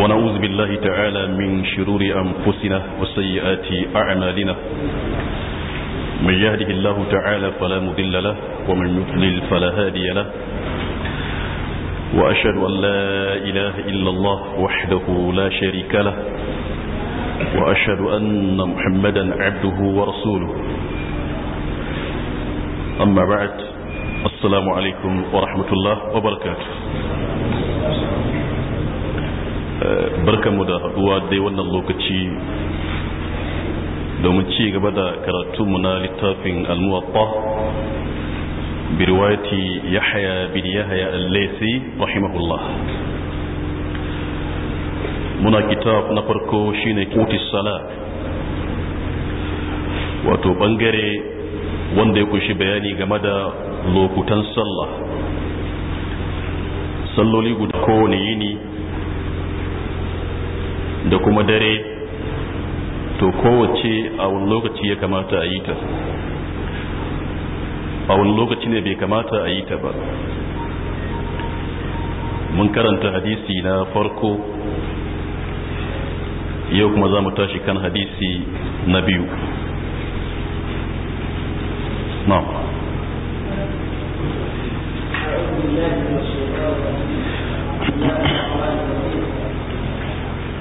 ونعوذ بالله تعالى من شرور أنفسنا وسيئات أعمالنا من يهده الله تعالى فلا مذل له ومن يضلل فلا هادي له وأشهد أن لا إله إلا الله وحده لا شريك له وأشهد أن محمدا عبده ورسوله أما بعد السلام عليكم ورحمة الله وبركاته Eh, barkanmu da haduwa dai wannan lokaci domin ci gaba da mu na littafin almuwatta bi riwayati yahya bin yahya al-laysi rahimahullah muna kitab na farko shine kuti sala wato bangare wanda ya kunshi bayani game da lokutan sallah salloli guda kowane yini da kuma dare to kowace a wani lokaci ya kamata a yi ta a wani lokaci ne bai kamata a yi ta ba mun karanta hadisi na farko yau kuma za mu tashi kan hadisi na biyu no.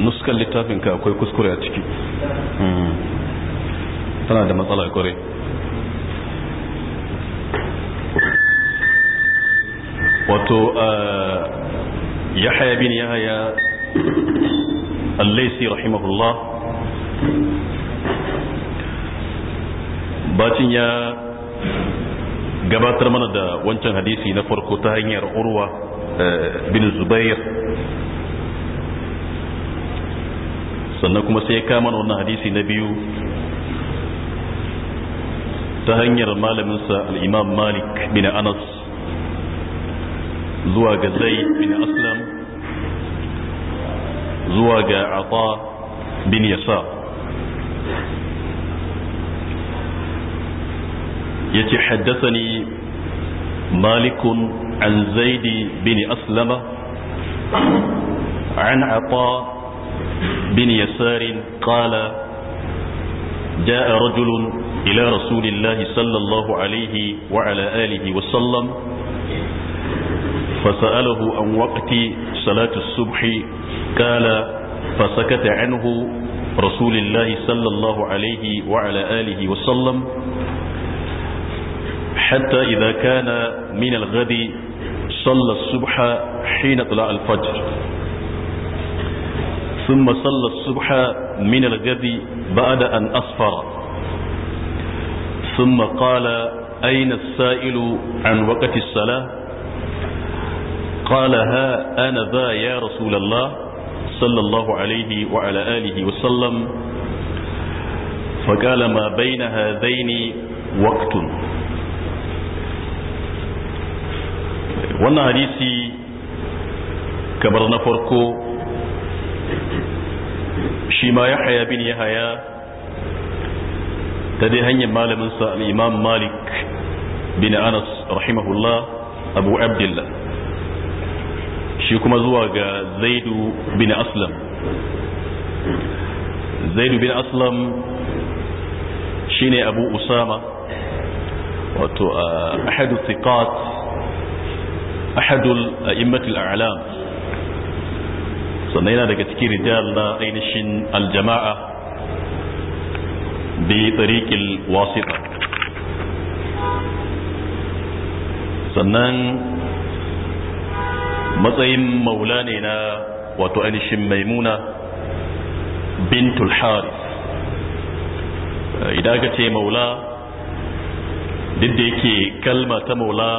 nuskan littafin ka akwai kuskure a ciki hmm. tana da matsala kwarai wato haya ah, bin haya allaisi rahimahullah bacin ya gabatar mana da wancan hadisi na farko ta hanyar urwa eh, bin zubair sannan kuma sai ya kama wannan hadisi na biyu ta hanyar malaminsa al'imam malik bin anas zuwa ga zai bin aslam zuwa ga ata bin yasa ya ce haddasa ni malikun an zaidi bin aslama عن عطاء بن يسار قال جاء رجل إلى رسول الله صلى الله عليه وعلى آله وسلم فسأله عن وقت صلاة الصبح قال فسكت عنه رسول الله صلى الله عليه وعلى آله وسلم حتى إذا كان من الغد صلى الصبح حين طلع الفجر ثم صلى الصبح من الغد بعد أن أصفر ثم قال أين السائل عن وقت الصلاة قال ها أنا ذا يا رسول الله صلى الله عليه وعلى آله وسلم فقال ما بين هذين وقت وانا hadisi كبرنا فرقو shi ma ya haya bin ya haya ta dai hanyar malamin sa al-imam malik bin anas rahimahullah abu abdullah shi kuma zuwa ga zaidu bin aslam zaidu bin aslam shine abu usama wato ahadu thiqat ahadul a'immatul a'lam sannan yana daga cikin rijal na ainihin aljama'a bi tsariƙil wasita sannan matsayin maula ne na wato ainihin maimuna bintul harith idan aka ce maula duk da yake kalma ta maula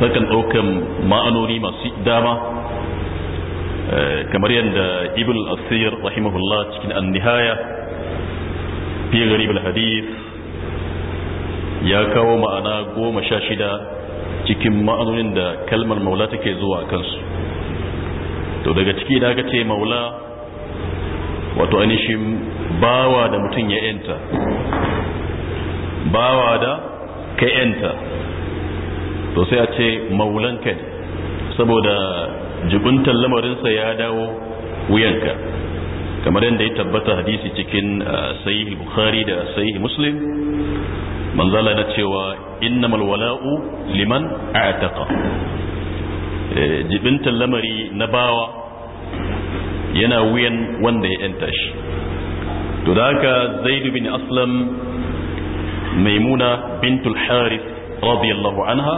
takan ɗaukan ma'anoni masu dama Eh, kamar yadda ibn asir rahimahullah cikin an-nihaya fi gharib al-hadith ya kawo ma'ana goma sha shida cikin ma'anonin da kalmar maula take zuwa kansu to daga ciki da aka ce maula wato ainihin bawa da mutum ya yanta bawa da ka yanta to sai a ce maulan saboda jibuntan lamarinsa ya dawo wuyanka kamar yadda ya tabbata hadisi cikin uh, sahih bukhari da sahih muslim manzala na cewa innamal wala'u liman a'taqa eh, jibintan lamari na bawa yana wuyan wanda ya yanta shi to da haka zaid bin aslam maimuna bintul harith radiyallahu anha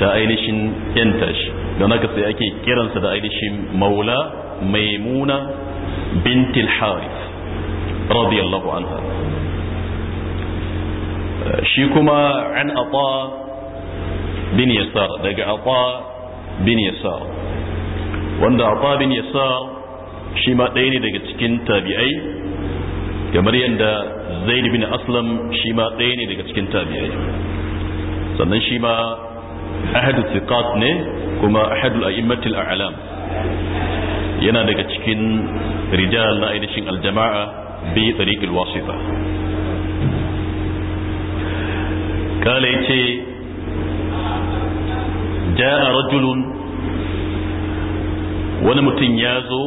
ta ainihin yanta shi don haka sai ake kiransa da ainihin maula maimuna bintil harith radiyallahu anha shi kuma an ata bin yasar daga ata bin yasar wanda ata bin yasar shi ma ɗaya ne daga cikin tabi'ai kamar yadda zaid bin aslam shi ma ɗaya ne daga cikin tabi'ai sannan shi ma ahadu thiqat ne kuma ahadu a'immatil a'lam yana daga cikin rijal na ainihin aljama'a bi tariqil wasita kala yace ja'a rajulun wani mutum ya zo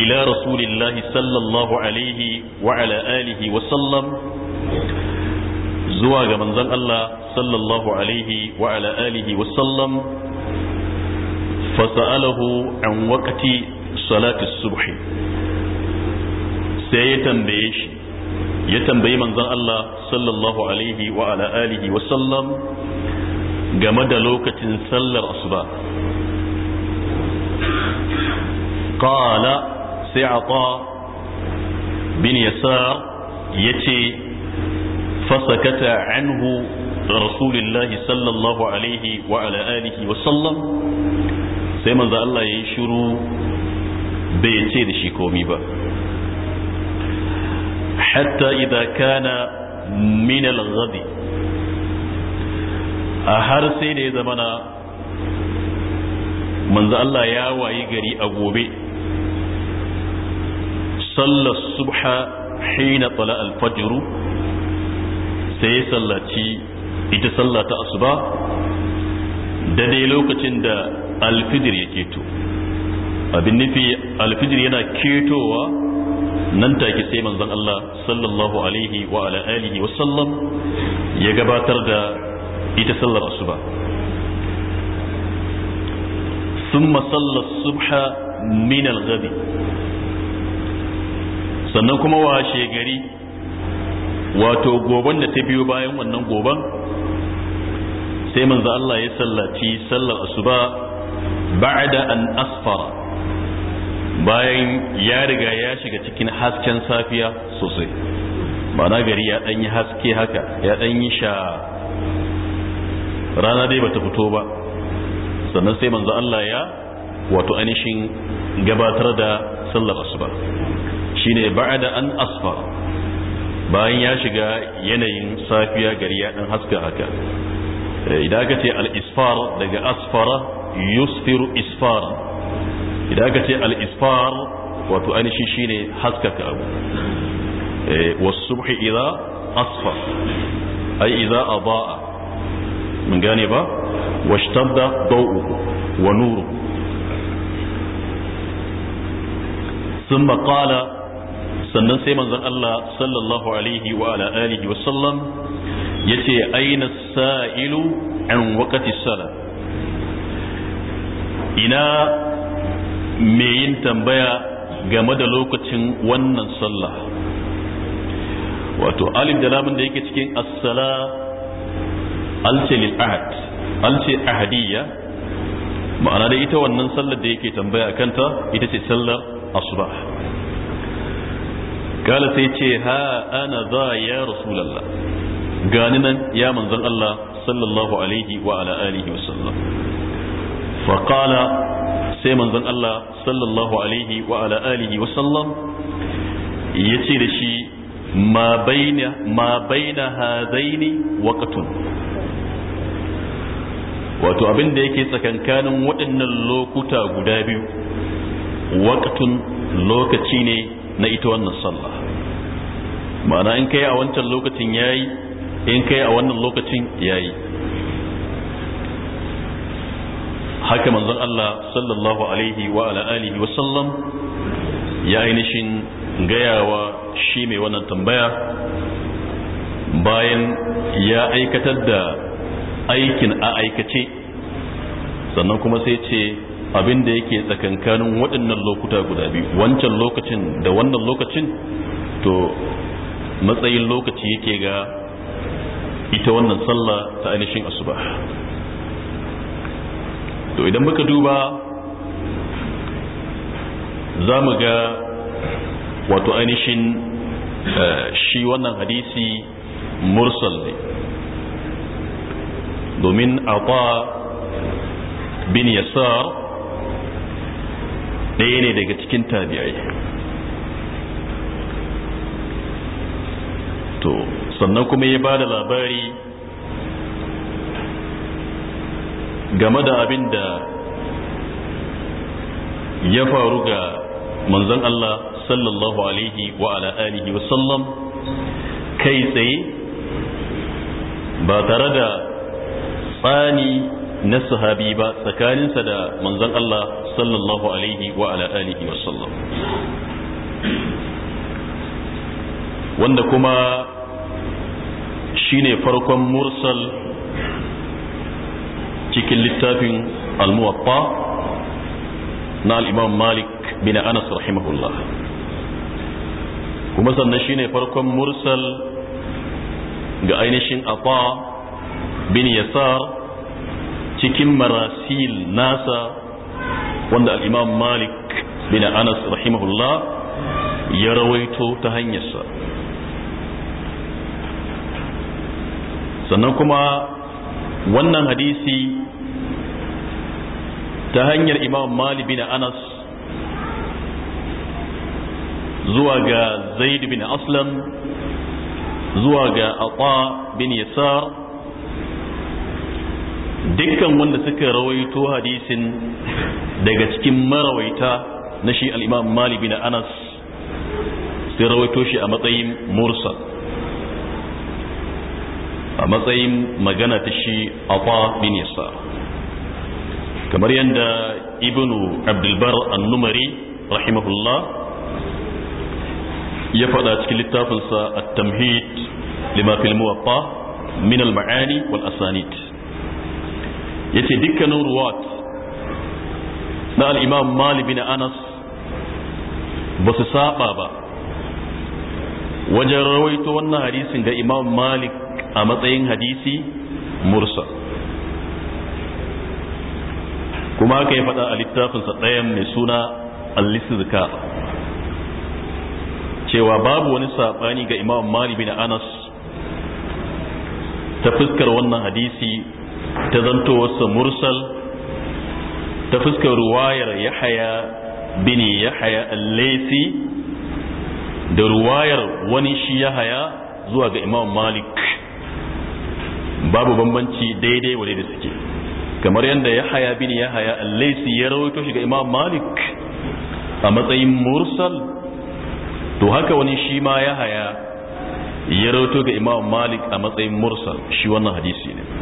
ila rasulillahi sallallahu alaihi wa ala alihi wa sallam zuwa ga manzon Allah sallallahu alaihi wa ala alihi wa sallam fasa'alahu an waqti salati subh sai ya tambaye shi ya tambayi manzon Allah sallallahu alaihi wa ala alihi wa sallam game da lokacin sallar asuba qala sai ata bin yasar yace فسكت عنه رسول الله صلى الله عليه وعلى آله وسلم سيما ذا الله يشرو بيتي دشي كومي با حتى إذا كان من الغد أهر سيدي زمنا من ذا الله يا ويقري أبوبي صلى الصبح حين طلع الفجر sai ya sallaci ita sallah ta asuba da dai lokacin da alfijir ya keto abin nufi alfijir yana ketowa nan take sai manzon Allah sallallahu alaihi wa ala alihi wa sallam ya gabatar da ita sallar asuba ثم صلى الصبح من الغد sannan kuma washe gari wato goban da ta biyo bayan wannan goban sai manzo Allah ya sallaci sallar asuba ba'da an asfara bayan ya riga ya shiga cikin hasken safiya sosai ma'ana gari ya ɗanyi haske haka ya ɗanyi sha rana dai bata fito ba sannan sai manzo Allah ya wato ainihin gabatar da sallar asuba shine ba'da an asfara bayan ya shiga yanayin safiya gari ya dan haska haka eh, idan ka ce al-isfar daga asfara yusfiru isfar idan ka ce al-isfar wato anishi shine haska ka abu eh, wasubhi idza asfar ay idza adaa mun gane ba washtadda dawuhu wa nuru. ثم قال sannan sai manzon Allah sallallahu alaihi wa ala alihi wa sallam yace aina sa'ilu an waqti sala ina me yin tambaya game da lokacin wannan sallah wato alif da lamun da yake cikin as-sala alce lil ahad alce ahadiyya ma'ana da ita wannan sallar da yake tambaya kanta ita ce sallar asbah kala sai ce ha ana za ya rasulallah gani nan ya manzan Allah sallallahu alaihi wa ala alihi wasallam faqala sai manzan Allah sallallahu alaihi wa ala alihi wasallam yace da shi ma baina ma baina hadaini waqtun wato abin da yake tsakankanin waɗannan lokuta guda biyu waqtun lokaci ne na ita wannan sallah ma'ana in kai a wancan lokacin yayi in kai a wannan lokacin yayi haka manzon Allah sallallahu alaihi wa ala alihi wa sallam ya ainihin gayawa shi mai wannan tambaya bayan ya aikatar da aikin a aikace sannan kuma sai ce abin da yake tsakankanin waɗannan lokuta guda biyu wancan lokacin da wannan lokacin to matsayin lokaci yake ga ita wannan sallah ta ainihin asuba to idan muka duba za mu ga wato ainihin eh, shi wannan hadisi mursal ne domin ata bin yasar ɗaya ne daga cikin tabi'ai to sannan kuma ya ba da labari game da abin da ya faru ga manzon Allah sallallahu alaihi wa ala alihi wa sallam kai tsaye ba tare da tsani na sahabi ba tsakaninsa da manzon Allah sallallahu alaihi wa ala alihi wa sallam wanda kuma shine farkon mursal cikin littafin al na al malik bin anas rahimahullah kuma sannan shine farkon mursal ga ainihin afa bin yasar cikin marasil nasa wanda al malik bin anas rahimahullah ya rawaito ta hanyarsa sannan kuma wannan hadisi ta hanyar imam malik bin anas zuwa ga zaid bin aslam zuwa ga ata bin yasar dukkan wanda suka rawaito hadisin daga cikin marawaita na shi al'imam malibi na anas sai rawaito shi a matsayin mursa a matsayin magana ta shi afa bin yasa kamar yadda ibnu abdulbar annumari rahimahullah ya faɗa cikin littafinsa atamhid tamhid lima min al-ma'ani wal asanid yace dukkanin ruwat na al-imam Malik bin Anas ba su saba ba wajen rawaito wannan hadisin ga imam Malik a matsayin hadisi mursa kuma aka ya faɗa a littafinsa ɗayan mai suna al-lissizka cewa babu wani saɓani ga imam Malik bin Anas ta fuskar wannan hadisi ta zanto wasu mursal ta fuskar ruwayar yahaya Bini yahaya al da ruwayar wani shi yahaya zuwa ga imam malik babu bambanci daidai wane da suke kamar yadda yahaya Bini yahaya al ya rawaito shi ga imam malik a matsayin mursal to haka wani shi ma yahaya ya rawaito ga imam malik a matsayin mursal shi wannan hadisi ne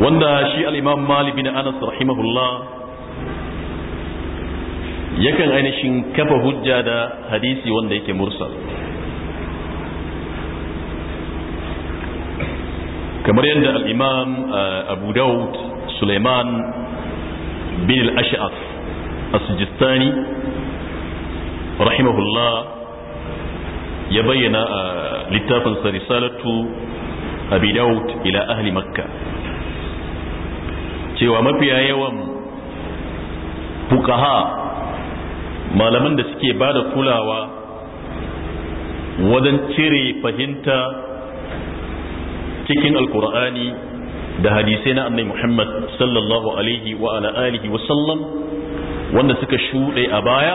wanda shi al-imam malik bin anas rahimahullah yakan ainihin kafa hujja da hadisi wanda yake mursal kamar yadda al-imam uh, abu daud suleiman bin al-ash'af rahimahullah ya bayyana a uh, littafinsa risalatu abi daud ila ahli makka cewa mafiya yawan fukaha malaman da suke ba da kulawa wajen cire fahimta cikin alkur'ani da hadisai na annai muhammad sallallahu alaihi wa ala alihi wa sallam wanda suka shuɗe a baya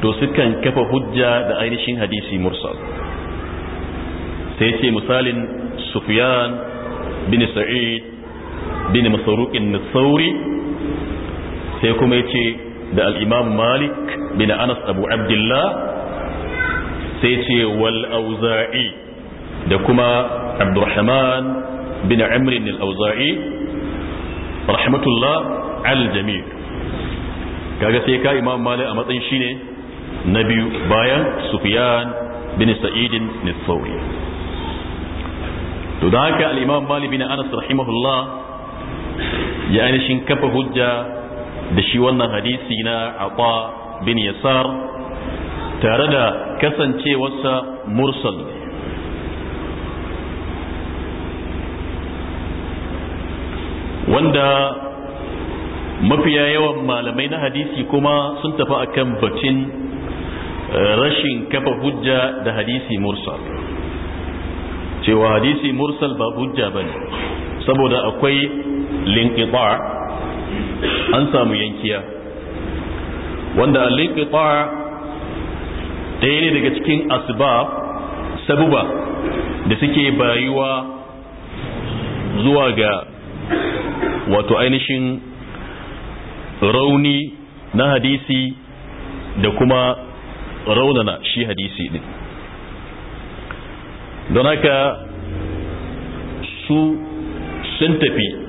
to sukan kafa hujja da ainihin hadisi mursal sai ce misalin sufyan bin sa'id bin masarukin sauri sai kuma ya ce da al'imam malik bin anas abu abdullah sai ce wal auza'i da kuma abdurrahman bin amrin al-auza'i rahmatullah al-jami kaga sai ka imam malik a matsayin shine na biyu bayan sufyan bin sa'idin nisauri to da haka al-imam malik bin anas rahimahullah ya ainihin kafa hujja da shi wannan hadisi na aba bin yasar tare da kasancewarsa mursal wanda mafiya yawan malamai na hadisi kuma sun tafi akan bacin eh, rashin kafa hujja da hadisi mursal cewa hadisi mursal ba hujja ba ne saboda akwai linqita an samu yankiya wanda linqita ɗaya ne daga cikin asbab sabuba da suke bayuwa zuwa ga wato ainihin rauni na hadisi da kuma raunana shi hadisi din don haka su sun tafi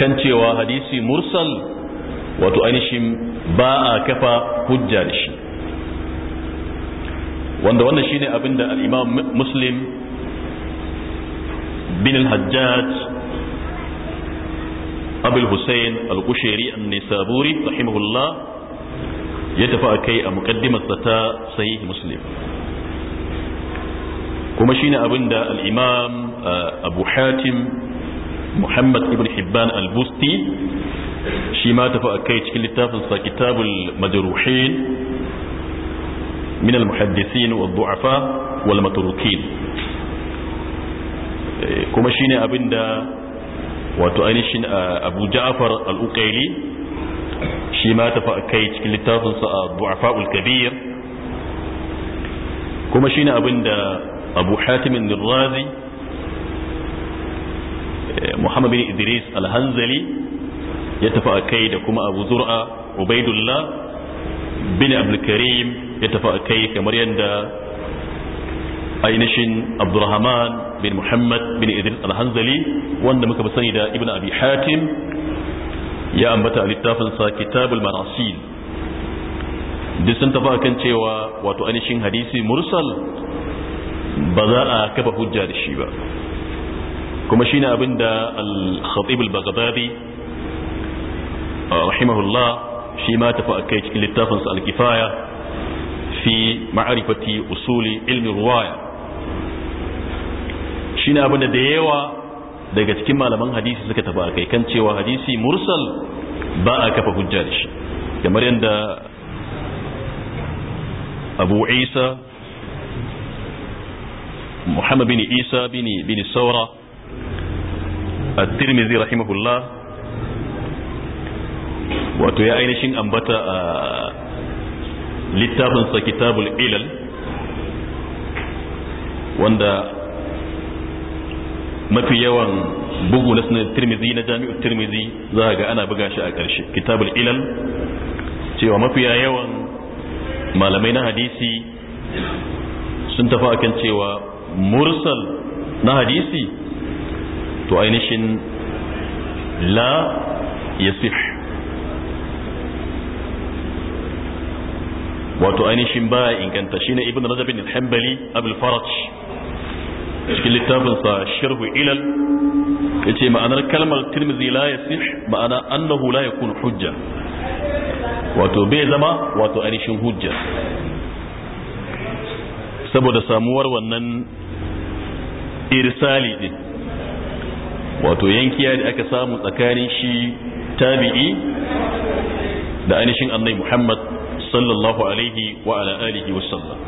kan cewa hadisi mursal wato ainihin ba a kafa hujja da shi wanda wannan shine abin da al-imam muslim bin al-hajjaj abul hussein al-kushairi an-nisaburi rahimahullah ya tafi a kai a mukaddimarsa ta sahih muslim kuma shine abin da al-imam eh, abu hatim muhammad ibn hibban al-busti shi ma tafi a kai cikin littafinsa kitabul majruhin min al-muhaddisin wa du'afa wal matrukin kuma shine abinda wato ainihin abu ja'far al uqaili shi ma tafi a kai cikin littafinsa a du'afa ul-kabir kuma shine abinda abu hatim al razi muhammad bin idris alhanzali ya tafi a kai da kuma abu zur'a ubaidullah bin abdulkarim ya tafi a kai kamar yadda ainihin abdurrahman bin muhammad bin idris alhanzali wanda muka fi sani da ibn abi hatim ya ambata a littafinsa kitabul marasil duk sun tafi akan cewa wato ainihin hadisi mursal ba za a kafa hujja da shi ba kuma shine abin da al-khatib al-baghdadi rahimahullah shi ma tafi akai cikin littafinsa al-kifaya fi ma'arifati usuli ilmi ruwaya shine abin da yawa daga cikin malaman hadisi suka tafi kai kan cewa hadisi mursal ba a kafa hujja da shi kamar yadda abu isa muhammad bin isa bin saura at-tirmidhi rahimahullah wato ya ainihin ambata a littafin sa kitabul ilal wanda mafi yawan bugu na sunan tirmidhi na jami'ul tirmidhi za ga ana buga shi a ƙarshe kitabul ilal cewa mafi yawan malamai na hadisi sun tafi akan cewa mursal na hadisi wato ainihin la yasih wato ainihin baya inganta shine ibn rajabin bin hanbali abul faraj cikin littafinsa sharhu ilal yace ma'anar kalmar tirmizi la yasih ma'ana annahu la yakun hujja wato bai zama wato ainihin hujja saboda samuwar wannan irsali din wato yankiya da aka samu tsakanin shi tabi'i da ainihin annabi Muhammad sallallahu alaihi wa ala alihi wa sallam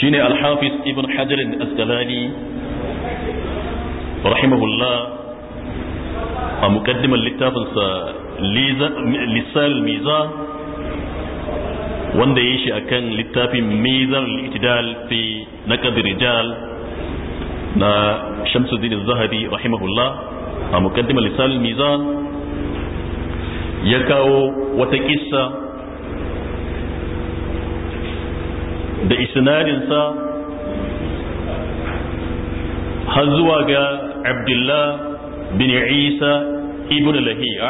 shi ne hafiz ibn hajar al-asqalani rahimahullah a muqaddimar littafinsa lisal miza wanda ya shi akan littafin mizan al fi na rijal na shamsuddin zahabi rahimahullah a mukaddimar lisal mizan ya kawo wata kissa da isnadinsa har zuwa ga abdullah bin isa ibn lahiya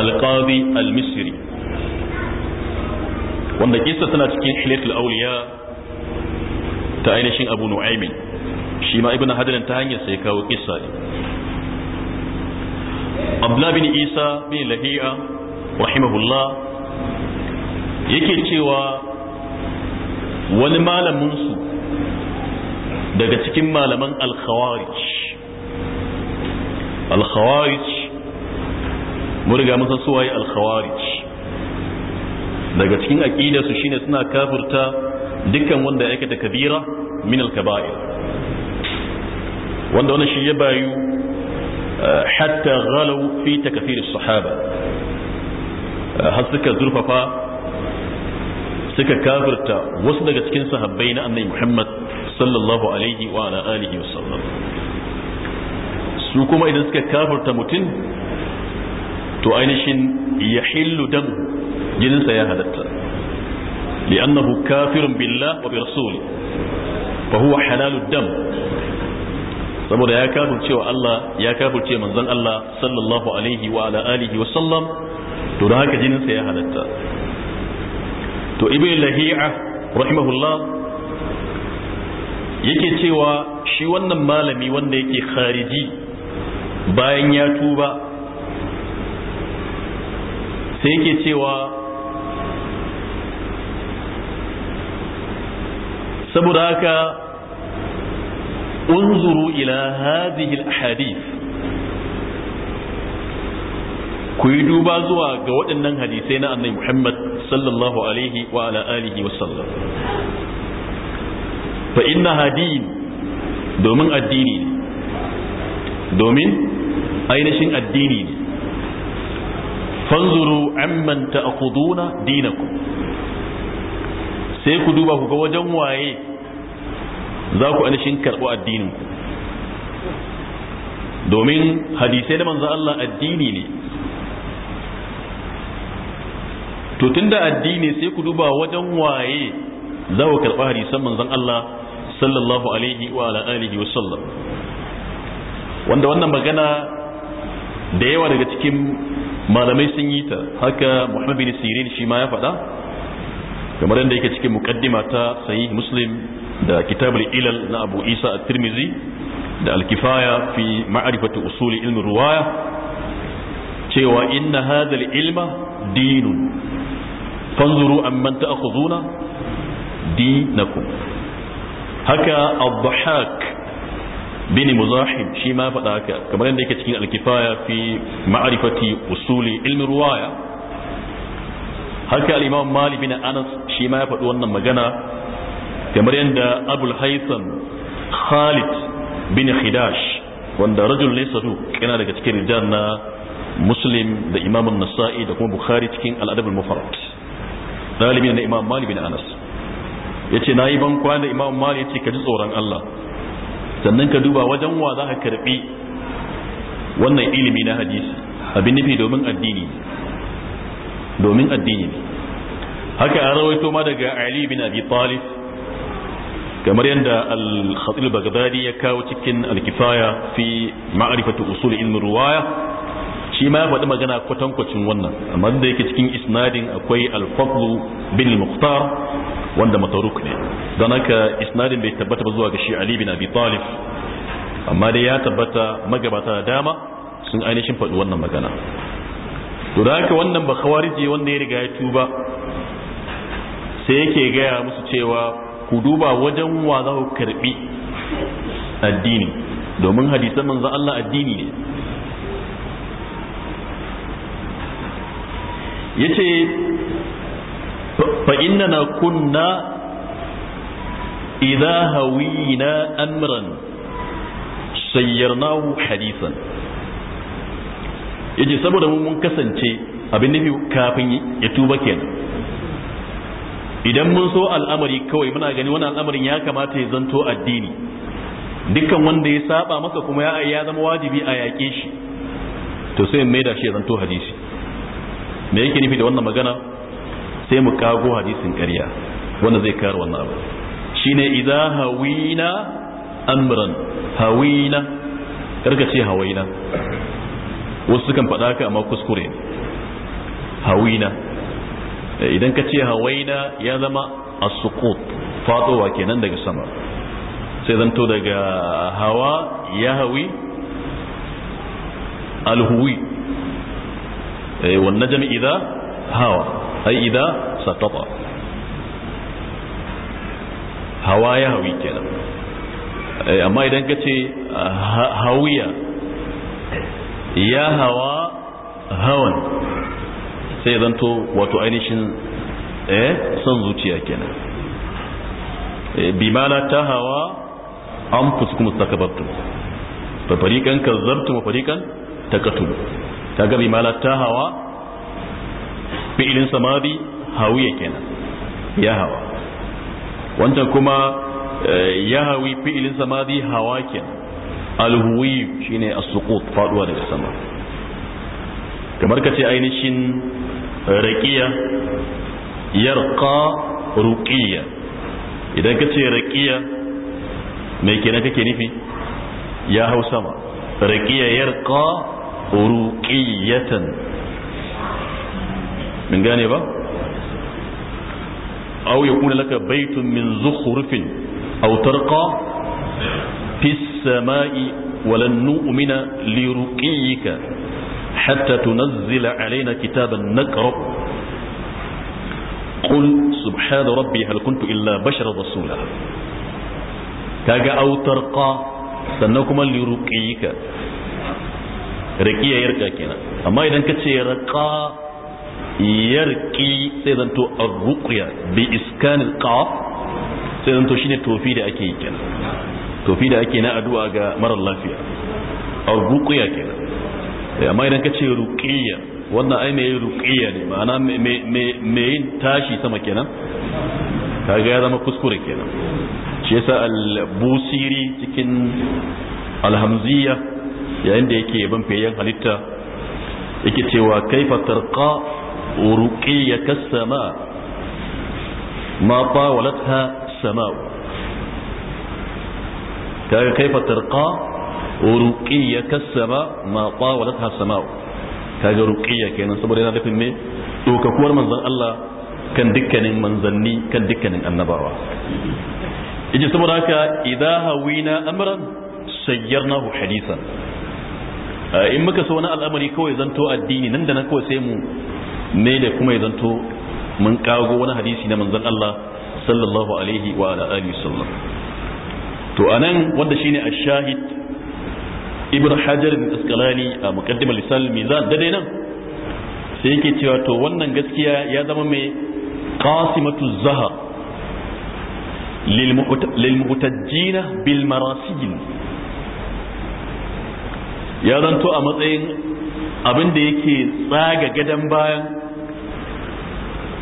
alqadi al-misri wanda kissa tana cikin hilatul awliya ta ainihin abu nu'aimi shi ma ibn hadarin ta hanyar sai kawo kisa ne abdullah bin isa bin lahiya rahimahullah yake cewa wani malaminsu daga cikin malaman alkhawarij alkhawarij mun riga mun san suwaye alkhawarij daga cikin aqidarsu shine suna kafirta dukkan wanda ya aikata kabira min al wanda wani shi ya bayu eh, hatta ghalau fi takfir as-sahaba eh, har suka zurfafa suka kafirta wasu daga cikin sahabbai na annabi Muhammad sallallahu alaihi wa ala alihi wa sallam su kuma idan suka kafirta mutum to ainihin ya hillu dam sa ya halatta لأنه كافر بالله وبرسوله فهو حلال الدم saboda ya kafirce wa Allah ya kafirce manzon Allah sallallahu alaihi wa ala wa sallam to da haka jinin sa ya halatta to ibn lahi'a rahimahullah yake cewa shi wannan malami wanda yake khariji bayan ya tuba sai yake cewa saboda haka unzuru ila hadhihi alhadith ku yi duba zuwa ga waɗannan hadisai na annabi Muhammad sallallahu alaihi wa ala alihi wa sallam fa inna hadin domin addini ne domin ainihin addini ne fanzuru amman ta'khuduna dinakum sai ku duba ku ga wajen waye za ku anishin karɓo addinin ku domin hadisai da manzo Allah addini ne to tunda addini sai ku duba wajen waye za ku karɓa hadisan manzon Allah sallallahu alaihi wa ala alihi wa sallam wanda wannan magana da yawa daga cikin malamai sun yi ta haka Muhammad bin Sirin shi ma ya faɗa kamar yadda yake cikin muqaddima ta sahih muslim da kitabul ilal na abu isa at-tirmizi da alkifaya kifaya fi ma'rifati usuli ilmi ruwaya cewa inna hadha al-ilma dinun fanzuru amman ta'khuduna dinakum haka ad-dhahak bin muzahim shi ma faɗa haka kamar yadda yake cikin alkifaya kifaya fi ma'rifati usuli ilmi ruwaya haka al-imam malik bin anas shi ma ya faɗi wannan magana kamar yadda abul haitham khalid bin khidash wanda rajul ne sadu yana daga cikin rijal na muslim da imam nasa'i da kuma bukhari cikin al-adab al-mufarrad dalibi na imam malik bin anas yace nayi ban kwana imam malik yace ka ji tsoron Allah sannan ka duba wajen wa za ka karbi wannan ilimi na hadisi abin nufi domin addini domin addini haka an rawaito ma daga ali bin abi talib kamar yadda al-khatil bagdadi ya kawo cikin al-kifaya fi ma'rifatu usul ilmi ruwaya shi ma ya faɗi magana kwatankwacin wannan amma da yake cikin isnadin akwai al-fadl bin muqtar wanda mataruk ne don haka isnadin bai tabbata ba zuwa ga shi ali bin abi talib amma dai ya tabbata magabata da dama sun ainihin faɗi wannan magana to da haka wannan ba khawariji wanda ya riga ya tuba sai yake gaya musu cewa ku duba wajen wa za ku karbi addini domin hadisan manzo Allah addini ne yace fa na kunna idha hawina amran sayyarnahu hadisan Yaje saboda mun kasance abin nufi kafin ya tuba kenan idan mun so al'amari kawai muna gani wannan al'amarin ya kamata ya zanto addini dukkan wanda ya saba masa kuma ya ya zama wajibi a yaƙe shi to sai mai da shi ya zanto hadisi me yake nufi da wannan magana sai mu kago hadisin ƙarya wanda zai kare wannan abu shine idza hawina amran hawina karka ce hawina wasu sukan faɗa ka amma kuskure hawina idan ka ce hawaina ya zama a sukut. fadowa kenan daga sama sai zanto daga hawa ya hawi alhuwi eh, wannan jami idza hawa ai idan satata hawa ya hawi kenan eh, amma idan ka ce hawiya ya hawa hawan sai zanto wato ainihin eh son zuciya kenan eh, bima la tahawa anfusukum istakbartum fa fariqan kazzabtum wa fariqan ta kaga bima la hawa fi'ilin samadi hawiya kenan ya hawa wancan kuma eh, ya hawi fi'ilin samadi hawa kenan alhuwi shine as-suqut faduwa daga sama kamar ka ce ainihin raqiya yarqa ruqiya idan ka ce raqiya me kenan kake nufi ya hau sama raqiya yarqa ruqiyatan min gane ba aw yakuna laka baytun min zukhrufin aw tarqa fi as-sama'i walan nu'mina li ruqiyika حتى تنزل علينا كتابا نقرأ قل سبحان ربي هل كنت إلا بشرا رسولا كاجا أو ترقى سنكما لرقيك رقية يرقى كنا أما إذا كنت رقى يرقي سيدان تو الرقية بإسكان القاف سيدان تو شيني توفيد أكي كنا توفيد أكي نا أدوى مر الله فيها الرقية كنا Eh, amma idan ka ce ruqiyya wannan ai mai ruqiyya ne ma'ana mai yin tashi sama kenan kaga ya zama kuskure kenan shi yasa al-busiri cikin alhamziya yayin da yake ban fayyan halitta yake cewa kaifa tarqa ruqiyya sama ma tawalatha sama'u kaga kaifa tarqa ruqiyya kasama ma tawalatha sama'u kaga ruqiyya kenan saboda yana nufin me dokakuwar manzan Allah kan dukkanin manzanni kan dukkanin annabawa yace saboda haka idza hawina amran sayyarnahu hadisan in muka so wani al'amari kawai zanto addini nan da nan kawai sai mu ne da kuma ya zanto mun kago wani hadisi na manzan Allah sallallahu alaihi wa ala alihi sallam to anan wanda shine ash-shahid ibn hajar bin askalani a muqaddimar lisan mizan da nan sai yake cewa to wannan gaskiya ya zama mai qasimatu zahar lil mu'tajjina bil marasijin ya zanto a matsayin abin da yake tsaga gadon bayan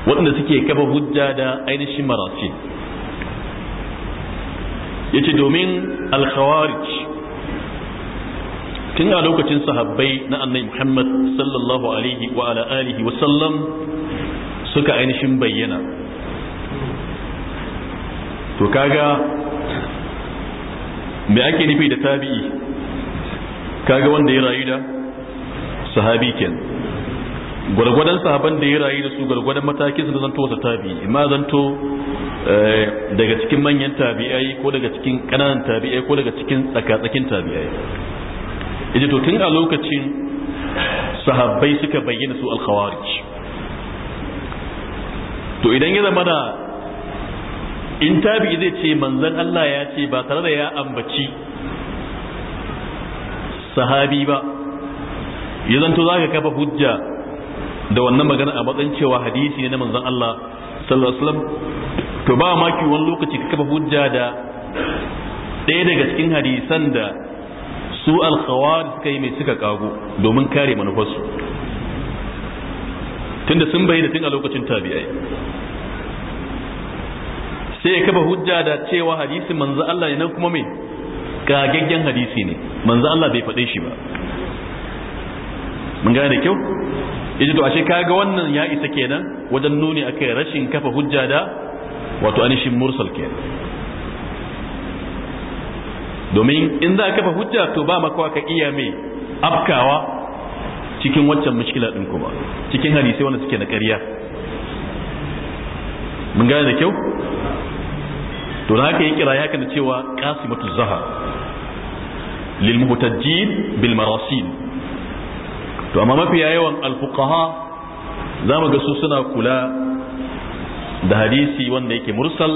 waɗanda suke kafa hujja da ainihin marasi ya ce domin alkhawarij tun a lokacin sahabbai na annai muhammad sallallahu alaihi wa ala alihi wa sallam suka ainihin bayyana to kaga me ake nufi da tabi'i kaga wanda ya rayu da sahabi ken gwargwadon sahaban da ya rayu da su gwargwadon matakin su zanto wasa tabi'i ma zanto eh, daga cikin manyan tabi'ai ko daga cikin kananan tabi'ai ko daga cikin tsakatsakin tabi'ai yaje to tun a lokacin sahabbai suka bayyana su al-khawarij to idan ya zama da in tabi zai ce manzon Allah ya ce ba tare da ya ambaci sahabi ba ya zanto za ka kafa hujja da wannan magana a matsayin cewa hadisi ne na manzon Allah sallallahu alaihi to ba maki wani lokaci ka kafa hujja da ɗaya daga cikin hadisan da su alkhawar suka yi mai suka kago domin kare manufarsu tunda sun bayyana tun a lokacin tabi'ai sai ya kafa hujja da cewa hadisi manzo Allah ne kuma mai gagaggen hadisi ne manzo Allah bai faɗe shi ba mun gane da kyau yaji to ashe kaga wannan ya isa kenan wajen nuni akai rashin kafa hujja da wato anishin mursal kenan domin in za kafa hujja to ba makawa ka iya mai afkawa cikin waccan mushkila din kuma cikin hadisai wanda suke na ƙarya mun gane da kyau to da haka ya kira ya kana cewa qasimatu zahar lil muhtajjin bil marasil to amma mafi yawan al fuqaha zamu ga su suna kula da hadisi wanda yake mursal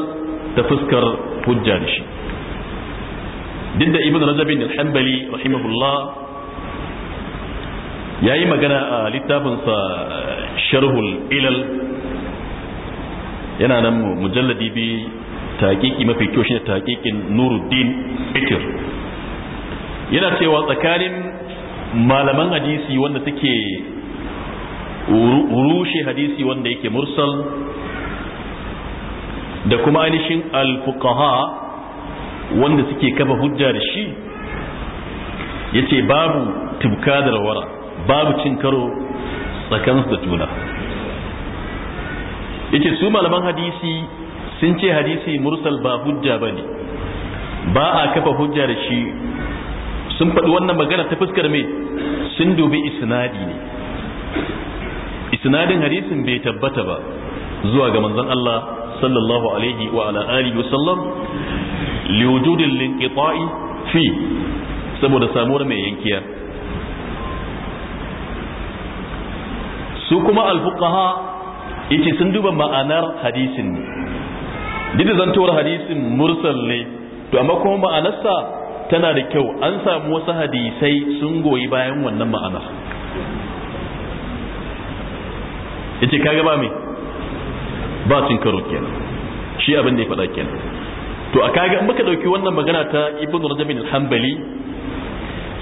ta fuskar hujja shi duk da ibn rajab bin al-hanbali rahimahullah yayi magana a littafin sa sharhul ilal yana nan mujalladi bi taqiqi mafi kyau shine taqiqin nuruddin fikr yana cewa tsakanin malaman hadisi wanda take rushe hadisi wanda yake mursal da kuma ainihin al-fuqaha wanda suke kafa hujja da shi yace babu tubka da rawara babu cin karo tsakansu da juna yace su malaman hadisi sun ce hadisi mursal ba hujja bane ba a kafa hujja da shi sun faɗi wannan magana ta fuskar me sun dubi isnadi ne isnadin hadisin bai tabbata ba zuwa ga manzon Allah sallallahu alaihi wa ala alihi sallam liwujudin linqita'i fi saboda samuwar mai yankiya su kuma alfuqaha yace sun duba ma'anar hadisin ne dida zan zantowar hadisin mursal ne to amma kuma ma'anarsa tana da kyau an samu wasu hadisai sun goyi bayan wannan ma'anar yace kaga ba mai ba cin karo kenan shi abin da ya faɗa kenan to a kaga in baka dauki wannan magana ta ibnu rajab bin hanbali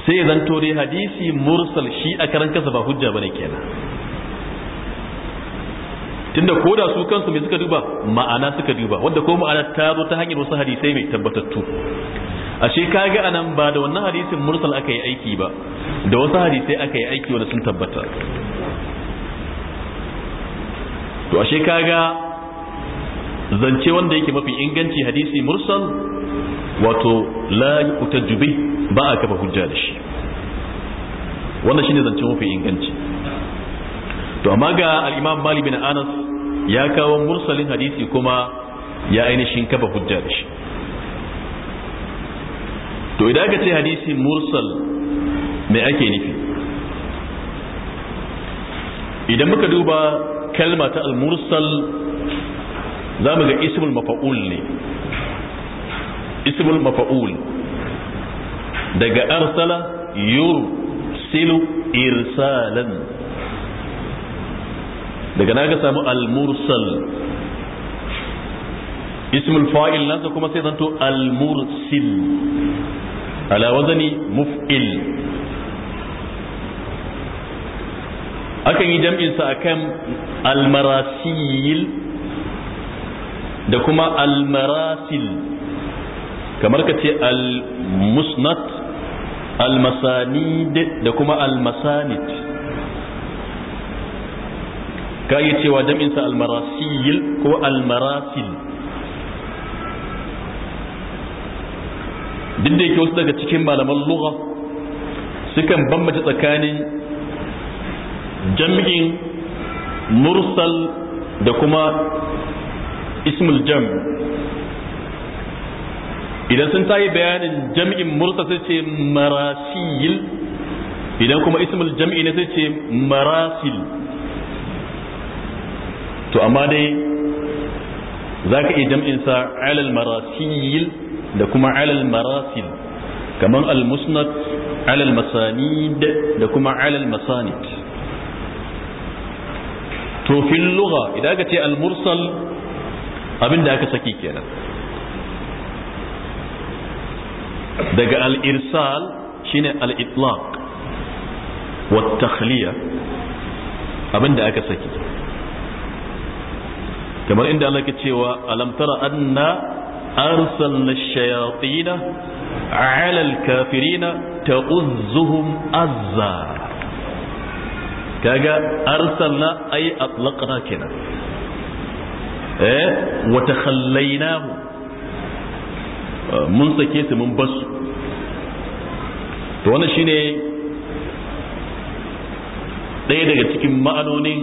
sai zan tore hadisi mursal shi a karan kasa ba hujja bane kenan tunda ko da su kansu mai suka duba ma'ana suka duba wanda ko ma'ana ta zo ta hanyar wasu hadisai mai tabbatattu shi kaga anan ba da wannan hadisin mursal aka yi aiki ba da wasu hadisai aka yi aiki wanda sun tabbata to a shi kaga zance wanda yake mafi inganci hadisi mursal wato la yuqtaju ba a kafa hujja da shi wannan shine zance mafi inganci to amma ga al-imam Malik bin Anas ya kawo mursalin hadisi kuma ya ainihin kafa hujja da shi to idan aka ce hadisi mursal me ake nufi idan muka duba kalma ta al-mursal za mu ga ismul mafa'ul ne ismul mafa'ul daga arsala yursilu irsalan daga na ga samu al-mursal ismul fa'il nasa kuma sai zanto al-mursil ala wazani muf'il akan yi jam'insa akan al-marasil da kuma almarasil kamar ka ce almusnat almasanid da kuma almasanid ka yi cewa jam'insa almarasiyil ko almarasil duk da yake wasu daga cikin malaman lugha sukan bambata tsakanin jam'in mursal da kuma ismul jam idan sun tayi bayanin jam'in murta sai ce marasil idan kuma ismul jam'i ne sai ce marasil to amma dai za ka iya jam'insa alal marasil da kuma alal marasil kamar al-musnad alal masanid da kuma alal masanid to fil lugha idan ka ce al-mursal abin da aka saki kenan daga al'irsal shine al-itlaq abin aka saki kamar inda Allah ke cewa alamtara anna arsalna shayatin ala kafirina kafirina ta'uzzuhum azza kaga arsalna ay atlaqna kenan Eh? wata wa takhallainahu mun sake su mun basu to wannan shine ɗaya daga cikin ma'anonin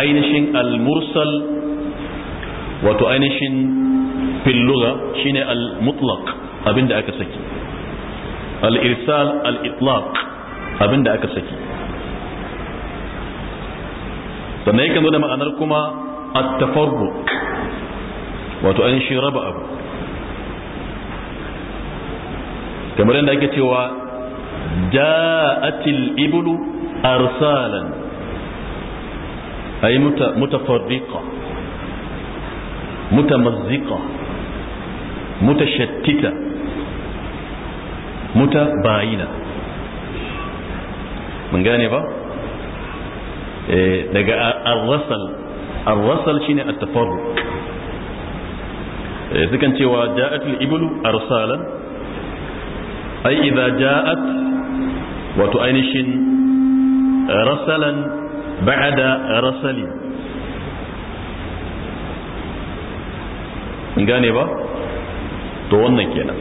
ainihin al-mursal wato ainihin filluga shine al-mutlaq abinda aka saki al-irsal al-itlaq abinda aka saki sannan yakan zo da ma'anar kuma at-tafarruq wato an shi raba abu kamar yadda ake cewa ja'atil ibulu arsalan ay mutafarriqa mutamazziqa mutashattita mutabayina mun gane ba Eh, daga ar-rasal ar-rasal shine at-tafarruq eh, sukan cewa ja'atul iblu arsalan ai idza ja'at wato ainihin rasalan ba'da rasali gane ba to wannan kenan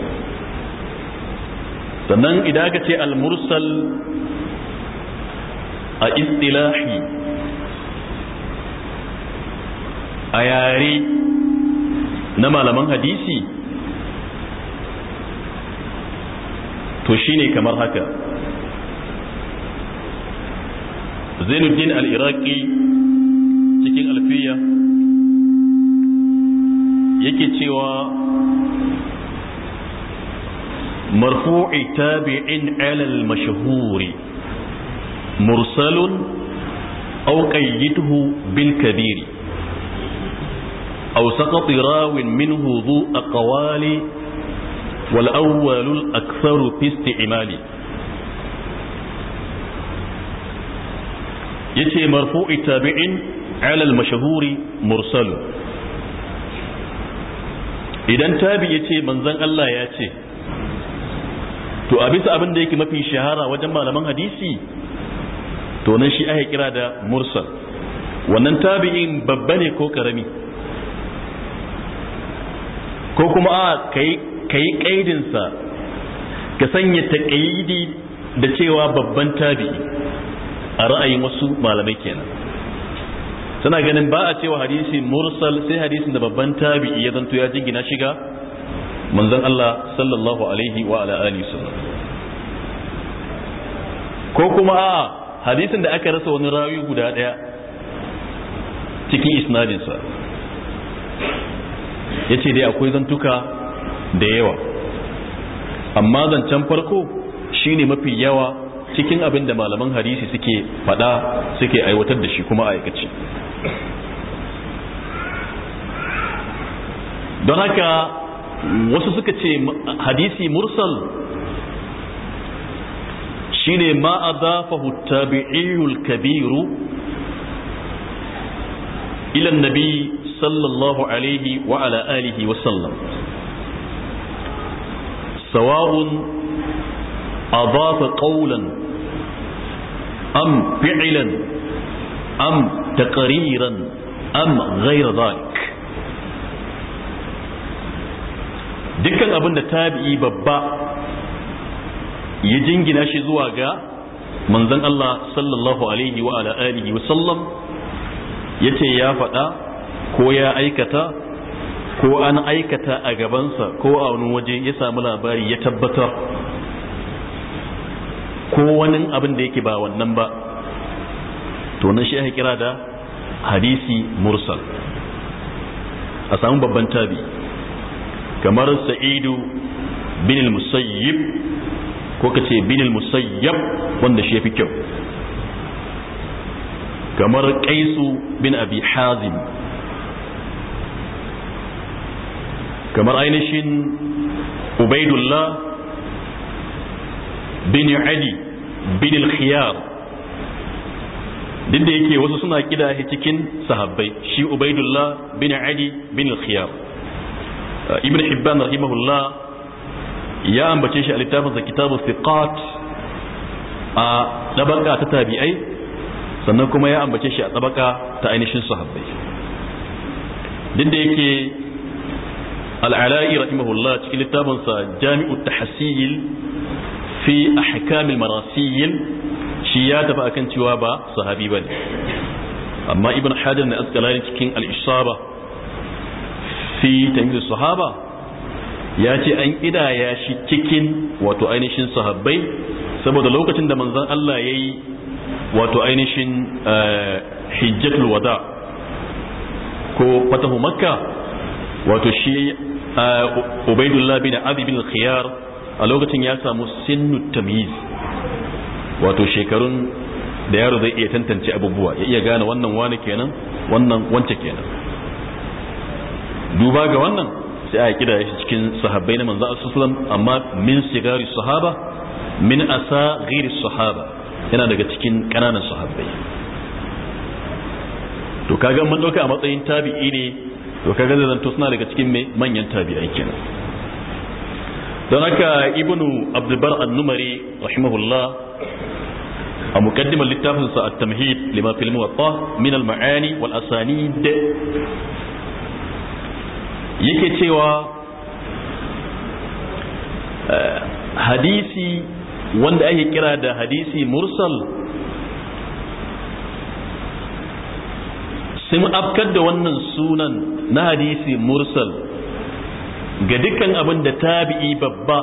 sannan idan aka ce al-mursal a istilahi a yare na malaman hadisi to shine kamar haka zainuddin al-iraqi cikin alfiya yake cewa marfu'i tabi'in alal المشهور mursalun auƙayyidhu bin kabiri أو سقط راو منه ذو أقوال والأول الأكثر في استعمال يتي مرفوع تابع على المشهور مرسل idan tabi ya ce manzan Allah ya ce to a bisa abin da yake mafi shahara wajen malaman hadisi to nan shi ake kira da mursal wannan tabi'in babba ne ko karami ko kuma a ka yi ƙaidinsa ka sanya ta ƙaidi da cewa babban tabi'i a ra'ayin wasu malamai kenan suna ganin ba a cewa hadisi mursal sai hadisin da babban tabi'i ya zanto ya jingina shiga manzon Allah sallallahu alaihi wa ala alihi sallam ko kuma a hadisin da aka rasa wani rawi guda ɗaya cikin isnadinsa Yace dai akwai zantuka da yawa amma zancen farko shine mafi yawa cikin abin da malaman hadisi suke faɗa suke aiwatar da shi kuma aikace don haka wasu suka ce hadisi mursal shine ma adafahu tabi'iyul kabiru ila nabi sallallahu alaihi wa ala alihi wa sallam sawa'un adafa qawlan am fi'lan am taqriran am ghayra dhalik dukkan abin da tabi'i babba ya jingina shi zuwa ga manzon Allah sallallahu alaihi wa ala alihi wa sallam yace ya faɗa ko ya aikata ko an aikata a gabansa ko a wani waje ya samu labari ya tabbatar ko wani abin da yake ba wannan ba to nan shi kira da hadisi mursal a samu babban tabi kamar sa'idu bin musayyib ko ka ce bin musayyab wanda shi fi kyau kamar kaisu bin abi hazim kamar ainihin ubaidullah bin ali bin al-khiyar duk da yake wasu suna kida shi cikin sahabbai shi ubaidullah bin ali bin al-khiyar uh, ibn hibban rahimahullah ya ambace shi a littafin sa kitabu thiqat a tabaka ta tabi'ai sannan kuma ya ambace shi a tabaka ta ainihin sahabbai duk da yake al'ala'i rahimahullah cikin littafinsa jami'u tahsil fi ahkamil marasiyin shi ya tafi akan cewa ba sahabi bane amma ibn hajar na askalari cikin al-isaba fi tamyiz sahaba ya ce an kidaya shi cikin wato ainihin sahabbai saboda lokacin da manzon Allah yayi wato ainihin eh, hijjatul wada ko fatahu makka wato shi ubaidullah bin abi bin khiyar a lokacin ya samu sinnu tamyiz wato shekarun da yaro zai iya tantance abubuwa ya iya gane wannan wani kenan wannan wance kenan duba ga wannan sai a kida shi cikin sahabbai na manzo sallallahu alaihi amma min sigari sahaba min asa ghairi sahaba yana daga cikin kananan sahabbai to kaga mun dauka a matsayin tabi'i ne to kaga zai zanto suna daga cikin me manyan tabi'ai kenan don haka ibnu abdulbar annumari rahimahullah a mukaddimar littafinsa a tamhid lima fil muwatta min al ma'ani wal asanid yake cewa eh, hadisi wanda ake kira da hadisi mursal sun afkar da wannan sunan na hadisi mursal ga dukkan abin da tabi'i babba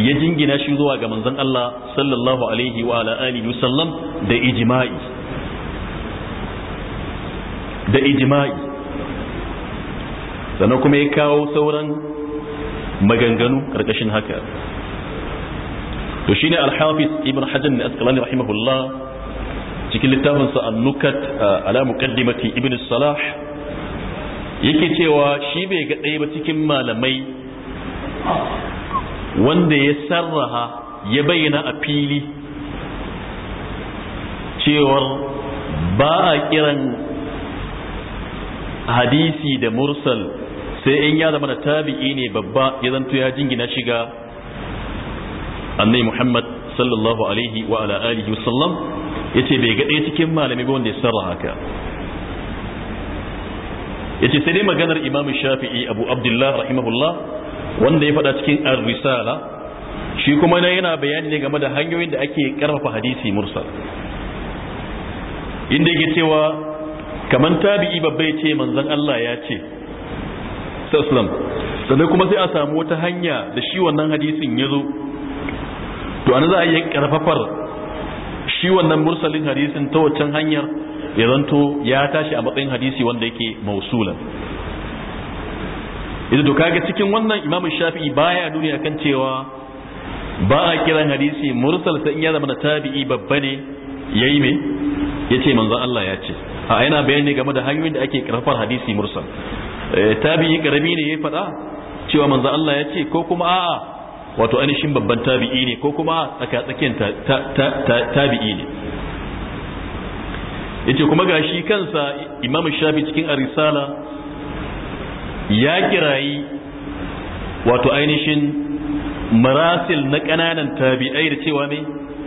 ya jingina shi zuwa ga manzon Allah sallallahu alaihi wa ala alihi wasallam da ijma'i da ijma'i sannan kuma ya kawo sauran maganganu karkashin haka to shine al-hafiz ibn hajar ne asqalani rahimahullah cikin littafin sa annukat uh, ala muqaddimati ibn salah yake cewa shi bai ga ɗaya ba cikin malamai wanda ya sarraha ya bayyana a fili cewar ba a kiran hadisi da mursal sai in ya zama da tabi'i ne babba ya zanto ya jingina shiga annai muhammad sallallahu alaihi wa ala alihi wasallam yace bai ga cikin malami ba wanda ya sarra haka yace sai dai maganar imam shafi'i abu Abdullahi rahimahullah wanda ya faɗa cikin ar-risala shi kuma na yana bayani ne game da hanyoyin da ake karfafa hadisi mursal inda yake cewa kaman tabi'i babbai ce manzon Allah ya ce sallam sannan kuma sai a samu wata hanya da shi wannan hadisin ya zo to an za a yi ƙarfafar. shi wannan mursalin hadisin ta waccan hanyar ya zanto ya tashi a matsayin hadisi wanda yake mausulan idan to kaga cikin wannan imamu shafi'i baya duniya kan cewa ba a kiran hadisi mursal sai in ya zama tabi'i babba ne yayi me yace manzon Allah ya ce a yana bayani game da hanyoyin da ake karfar hadisi mursal eh, tabi'i karami ne ya faɗa cewa manzon Allah ya ce ko kuma a'a wato ainihin babban tabi'i ne ko kuma tsaka tsakatsakiyar tabi'i ne yace kuma gashi kansa imam shafi cikin arisala ya kirayi wato ainihin marasil na ƙananan tabi'ai da cewa ne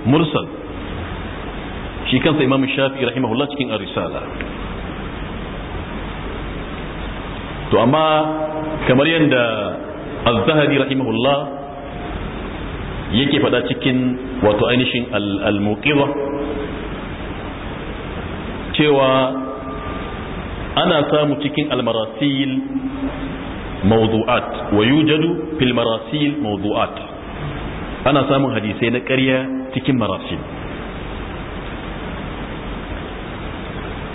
mursal shi kansa imam shafi rahimahullah cikin arisala to amma kamar yadda az-zahabi rahimahullah yake fada cikin wato ainihin al cewa ana samu cikin al-marasil mawdu'at wa yujadu fil marasil mawdu'at ana samun hadisai na ƙarya cikin marasil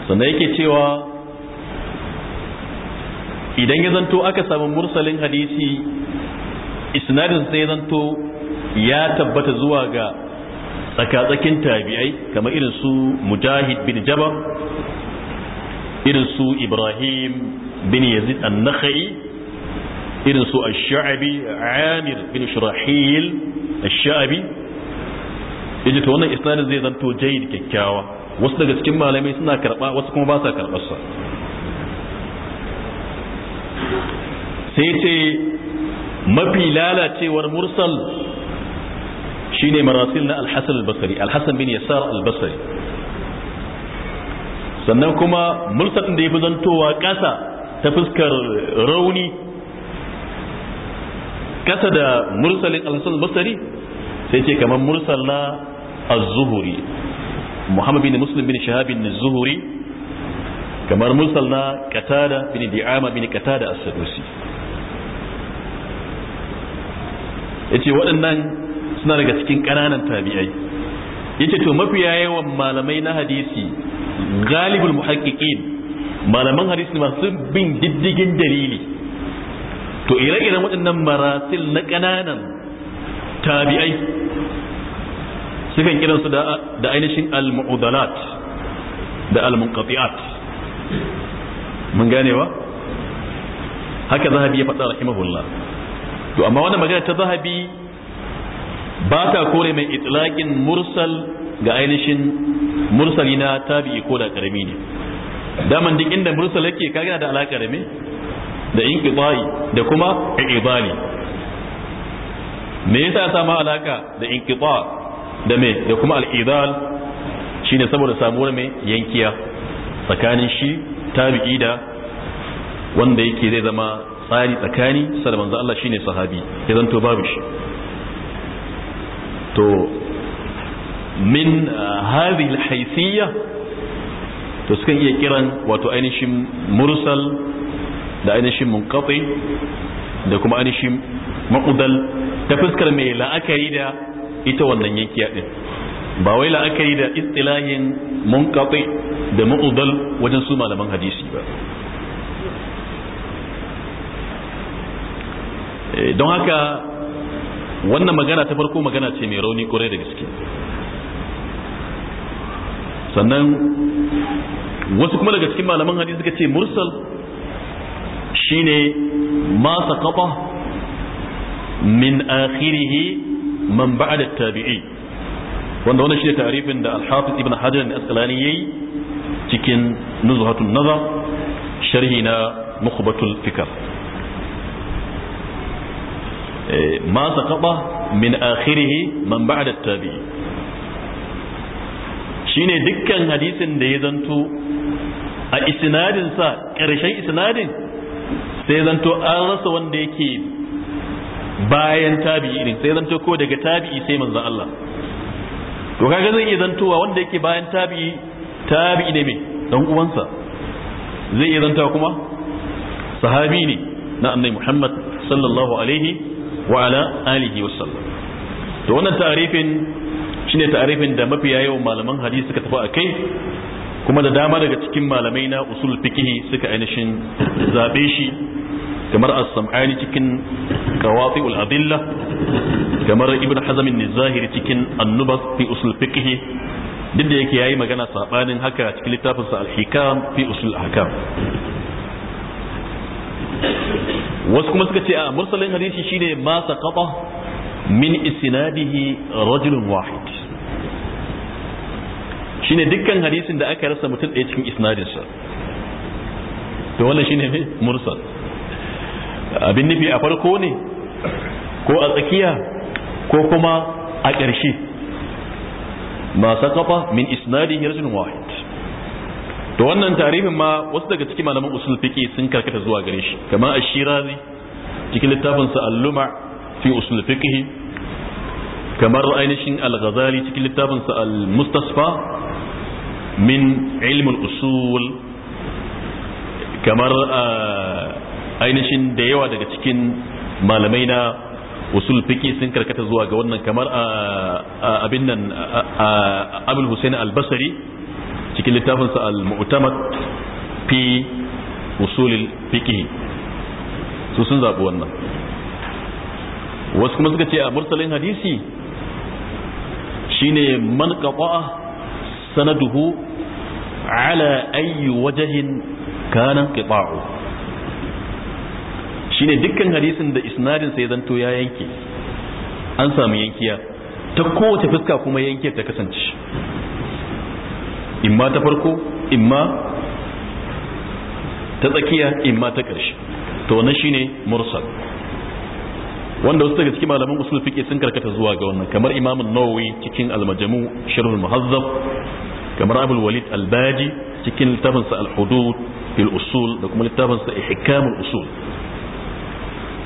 sannan yake cewa idan ya zanto aka samu mursalin hadisi isnadin sai zanto ya tabbata zuwa ga tsakatsakin tabi'ai kamar irin su mujahid bin jabar irin su ibrahim bin yazid an-nakhai irin su ash-sha'bi amir bin shurahil ash Sha'abi. yaji to wannan isnadin zai zanto jayyid kyakkyawa wasu daga cikin malamai suna karba wasu kuma ba sa karbar sai ce mafi lalacewar mursal ne marasil na alhassan albasari alhassan bin yasar albasari sannan kuma multaɗin da ya fi zantowa ƙasa ta fuskar rauni ƙasa da mursalin alhassan albasari sai ce kamar mursal na az-zuhuri muhammad bin muslim bin shahabin az-zuhuri kamar mursal na Katada bin di'ama bin Katada as-sadusi ce waɗannan suna daga cikin ƙananan tabi'ai yace to mafiya yawan malamai na hadisi galibul muhaqqiqin malaman hadisi masu bin diddigin dalili to ire-iren waɗannan marasil na ƙananan tabi'ai sukan kiransu da ainihin al mudalat da al-munqati'at mun gane wa haka zahabi ya faɗa rahimahullah to amma wannan magana ta zahabi ba ta kore mai itlaqin mursal ga ainihin mursali na tabi'i ko da karami ne daman duk inda mursal yake kaga da alaka da me da inqidai da kuma ibali me yasa sama alaka da inqida da me da kuma al-idal shine saboda samuwar me yankiya tsakanin shi tabi'i da wanda yake zai zama tsari tsakani sa da Allah shine sahabi ya zanto babu shi to min ah, hadhihi alhaysiyya to sukan iya kiran wato ainihin mursal da ainihin munqati da kuma ainihin maqdal ta fuskar mai la'akari da ita wannan yankiya din ba wai la'akari da istilahin munqati da mu'udal wajen su malaman hadisi ba eh, don haka wannan magana ta farko magana ce mai rauni kwarai da gaske sannan wasu kuma daga cikin malaman hadisi suka ce mursal shine masa saqata min akhirih man ba'da tabi'i wanda wannan shine tarifin da al-hafiz ibn hajar al-asqalani yayi cikin nuzhatun nazar sharhi na mukhbatul fikr Eh, ma saqata min akhirih man ba'da tabi'i shine dukkan hadisin da ya zanto a isnadin sa ƙarshen isnadin sai zanto an rasa wanda yake bayan tabi'in. sai zanto ko daga tabi'i sai manzo Allah to kaga zai iya zantowa wanda yake bayan tabi'i tabi'i ne me dan uwansa zai iya zantawa kuma sahabi ne na annabi Muhammad sallallahu alaihi wa'ala alihi wasallam to wannan tarifin shine tarifin da mafiya yawan malaman hadisi suka tafi kai kuma da dama daga cikin malamai na usul fikihi suka ainihin zabe shi kamar as-sam'ani cikin qawati adilla kamar ibn hazm an-zahiri cikin an-nubat fi usul fikihi duk da yake yayi magana sabanin haka cikin littafinsa sa al-hikam fi usul ahkam wasu kuma suka ce a mursalin hadisi shine ma saqata min isnadihi rajulun wahid shine dukkan hadisin da aka rasa mutum ɗaya cikin isnadinsa to wannan shine ne mursal abin nufi a farko ne ko a tsakiya ko kuma a ƙarshe ma saqata min isnadihi rajulun wahid to wannan tarihin ma wasu daga cikin malaman usul fiqi sun karkata zuwa gare shi kamar ashirazi cikin littafin sa al-luma fi usul fiqi kamar ainihin al-ghazali cikin littafin sa al-mustasfa min ilm al-usul kamar ah, ainihin da yawa daga cikin malamai na usul fiqi sun karkata zuwa ga wannan kamar ah, ah, abin nan abul husain al-basri cikin littafinsa al-mu'tamad fi usulil fiqh su sun zaɓi wannan wasu kuma suka ce a mursalin hadisi shine man qata'a sanaduhu ala ayi wajahin kana qita'u shine dukkan hadisin da isnadin ya zanto ya yanke an samu yankiya ta kowace fuska kuma yanke ta kasance imma ta farko imma ta tsakiya imma ta ƙarshe to wannan shine mursal wanda wasu daga cikin malaman usul fiqh sun karkata zuwa ga wannan kamar imam an-nawawi cikin al-majmu sharh muhazzab kamar abul walid al-baji cikin littafin sa al-hudud fil usul da kuma littafin sa usul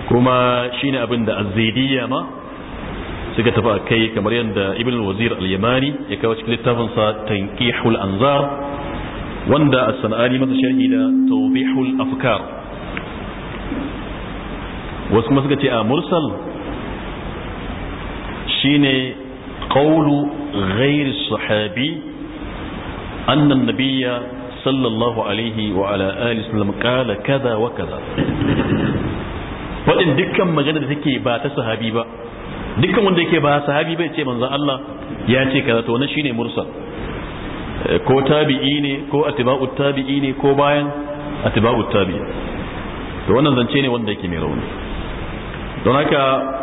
kuma shine abin da az-zaidiyya ma suka tafi a kai kamar yadda ibn wazir al-yamani ya kawo cikin littafinsa tanqihul anzar wanda a sanani masa sharhi da tawdihul afkar wasu kuma suka ce a mursal shine qawlu ghairi sahabi anna nabiyya sallallahu alaihi wa ala alihi sallam qala kaza wa kaza faɗin dukkan magana da take ba ta sahabi ba dukkan wanda yake ba sahabi bai ce manzon Allah ya ce kaza to wannan shine mursal eh, ko tabi'i ne ko atba'ut tabi'i ne ko bayan atba'ut tabi'i to wannan zance ne wanda yake mai rauni don haka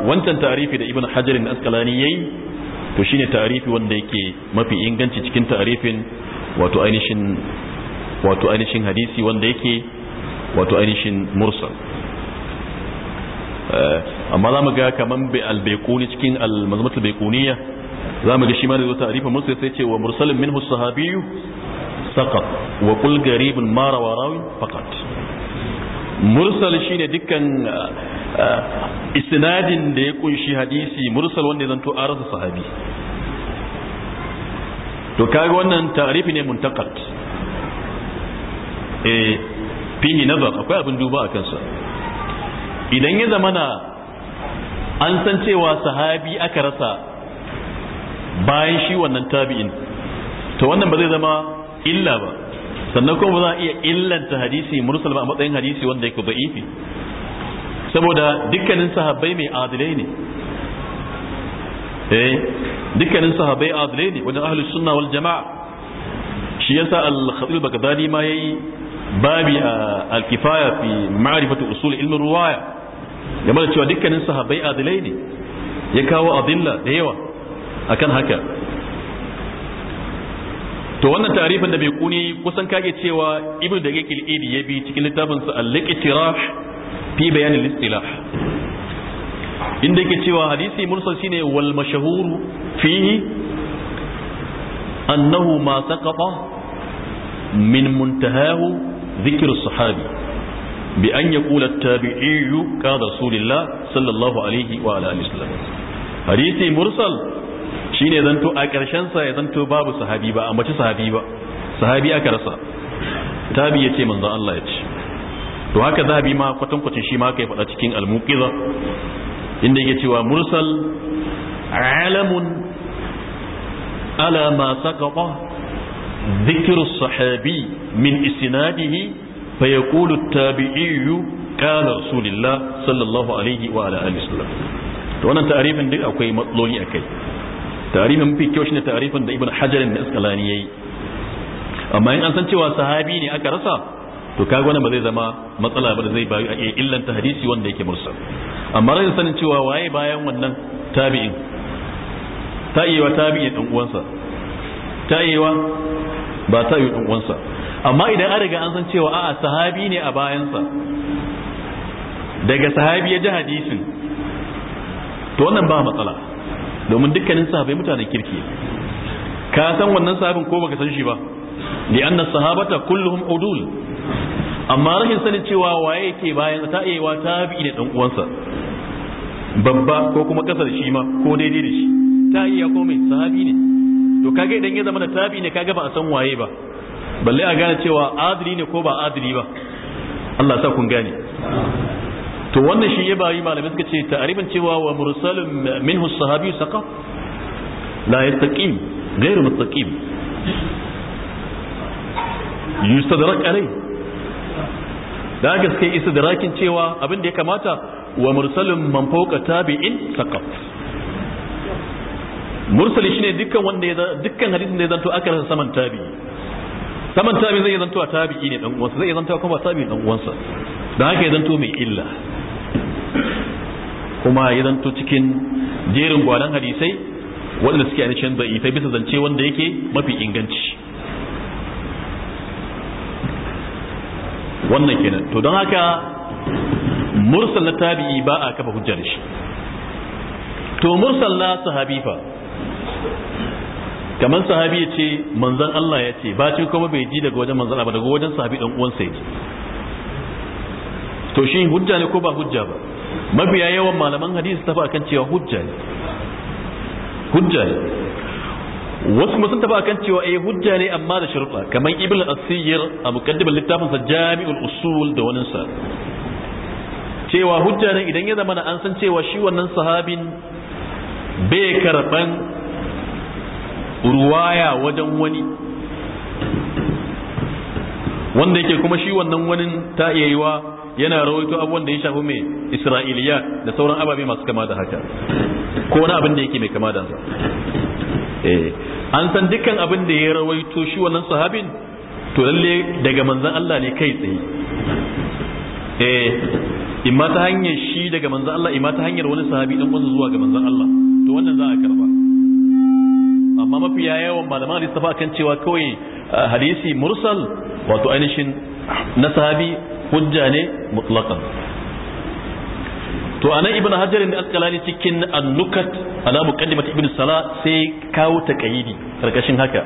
wancan tarifi da ibn hajar al-asqalani yayi to shine tarifi wanda yake mafi inganci cikin tarifin wato ainihin wato ainihin hadisi wanda yake wato ainihin mursal Eh, amma za mu ga kaman bai albaikuni cikin almazmat albaikuniya za mu ga shi ma da zuwa tarifa musa sai ce wa mursalin minhu sahabiyu saqat wa qul garibun ma rawa rawi faqat mursal shine dukkan eh, eh, istinadin da ya kunshi hadisi mursal wanda zanto to rasa sahabi to kaga wannan tarifi ne muntaqat eh fihi nazar akwai abin duba a kansa idan ya zamana an san cewa sahabi aka rasa bayan shi wannan tabi'in to wannan ba zai zama illa ba sannan kuma ba za a iya illanta hadisi mursal ba a matsayin hadisi wanda yake da'ifi saboda dukkanin sahabbai mai adilai ne eh dukkanin sahabbai adilai ne wajen ahlus sunna wal jama'a shi yasa al-khatib al-baghdadi ma yayi babi al-kifaya fi ma'rifatu usul ilmi ruwaya game da cewa dukkanin sahabbai adilai ne ya kawo adilla da yawa akan haka to wannan tarifin da bai kuni kusan kage cewa ibn da yake idi ya bi cikin littafin sa al-iqtirah fi bayan al-istilah inda yake cewa hadisi mursal shine wal mashhur fihi annahu ma saqata min muntahahu dhikr sahabi bi an yaqula at-tabi'i ka rasulillah sallallahu alaihi wa alihi hadisi mursal shine zanto a ƙarshen sa ya zanto babu sahabi ba amma ci sahabi ba sahabi aka rasa tabi yace manzo Allah ya ce to haka zahabi ma kwatankwacin shi ma kai faɗa cikin almuqiza inda yake cewa mursal alamun alama ma saqata sahabi min isnadihi fa yaqulu at-tabi'iyyu qala rasulullah sallallahu alaihi wa ala alihi wasallam to wannan ta'arifin duk akwai matsaloli a akai ta'arifin mafi kyau shine ta'arifin da ibn hajar da asqalani yayi amma in an san cewa sahabi ne aka rasa to kaga wannan ba zai zama matsala ba da zai bayu a illan ta hadisi wanda yake mursal amma rashin sanin cewa waye bayan wannan tabi'in ta iya tabi'i dan uwansa ta iya ba ta iya dan uwansa amma idan an riga an san cewa a'a sahabi ne a bayansa daga sahabi ya ji hadisin to wannan ba matsala domin dukkanin sahabai mutanen kirki ka san wannan sahabin ko baka san shi ba li anna sahabata kulluhum udul amma rashin sanin cewa waye yake bayan ta iya eh, ta tabi ne dan uwansa babba ko kuma kasar shi ma ko daidai da shi ta iya ko mai sahabi ne to kage idan ya zama da tabi ne kage ba a san waye ba balle a gane cewa adali ne ko ba adali ba Allah sa kun gane to wannan shi ya bayi malamai suka ce ta'ariban cewa wa mursalun minhu sahabi saqa la yastaqim غير mustaqim yustadrak alai da gaske istidrakin cewa abin da ya kamata wa mursalun man fawqa tabi'in saqa mursali shine dukkan wanda ya dukkan hadisin da ya zanto aka rasa saman tabi'i saman tabi zai zanto a tabi'i ne dan uwansa zai zanto kuma tabi'in dan uwansa dan haka ya zanto mai illa kuma ya zanto cikin jerin gwanan hadisai wanda suke ainihin da'ifai bisa zance wanda yake mafi inganci wannan kenan to don haka mursal na tabi'i ba a kafa hujjar shi to mursal na sahabi fa kamar sahabi ya ce manzan Allah ya ce ba ce kuma bai ji daga wajen manzan ba daga wajen sahabi dan uwansa ya ce to shi hujja ne ko ba hujja ba mafiya yawan malaman hadisi tafi akan cewa hujja ne hujja ne wasu kuma sun tafi akan cewa eh hujja ne amma da shirfa kamar ibn asir a muqaddimar littafin sa jami'ul usul da wani sa cewa hujja ne idan ya zama an san cewa shi wannan sahabin bai karban ruwaya wajen wani wanda yake kuma shi wannan wani ta iya wa yana rawaito abubuwan da ya shafi mai isra'iliya da sauran ababe masu kama da haka ko wani abin da yake mai kama da eh, an san dukkan abin da ya rawaito shi wannan sahabin to lalle daga manzan Allah ne kai tsaye eh imma ta hanyar shi daga manzan Allah imma ta hanyar wani sahabi dan wanzu zuwa ga manzan Allah to wannan za a karba amma ya yawan malaman hadisi tafa kan cewa kawai hadisi mursal wato ainihin na sahabi hujja ne mutlaqan to anan ibnu hajar da askalani cikin annukat ala muqaddimat ibnu sala sai kawo taqayidi karkashin haka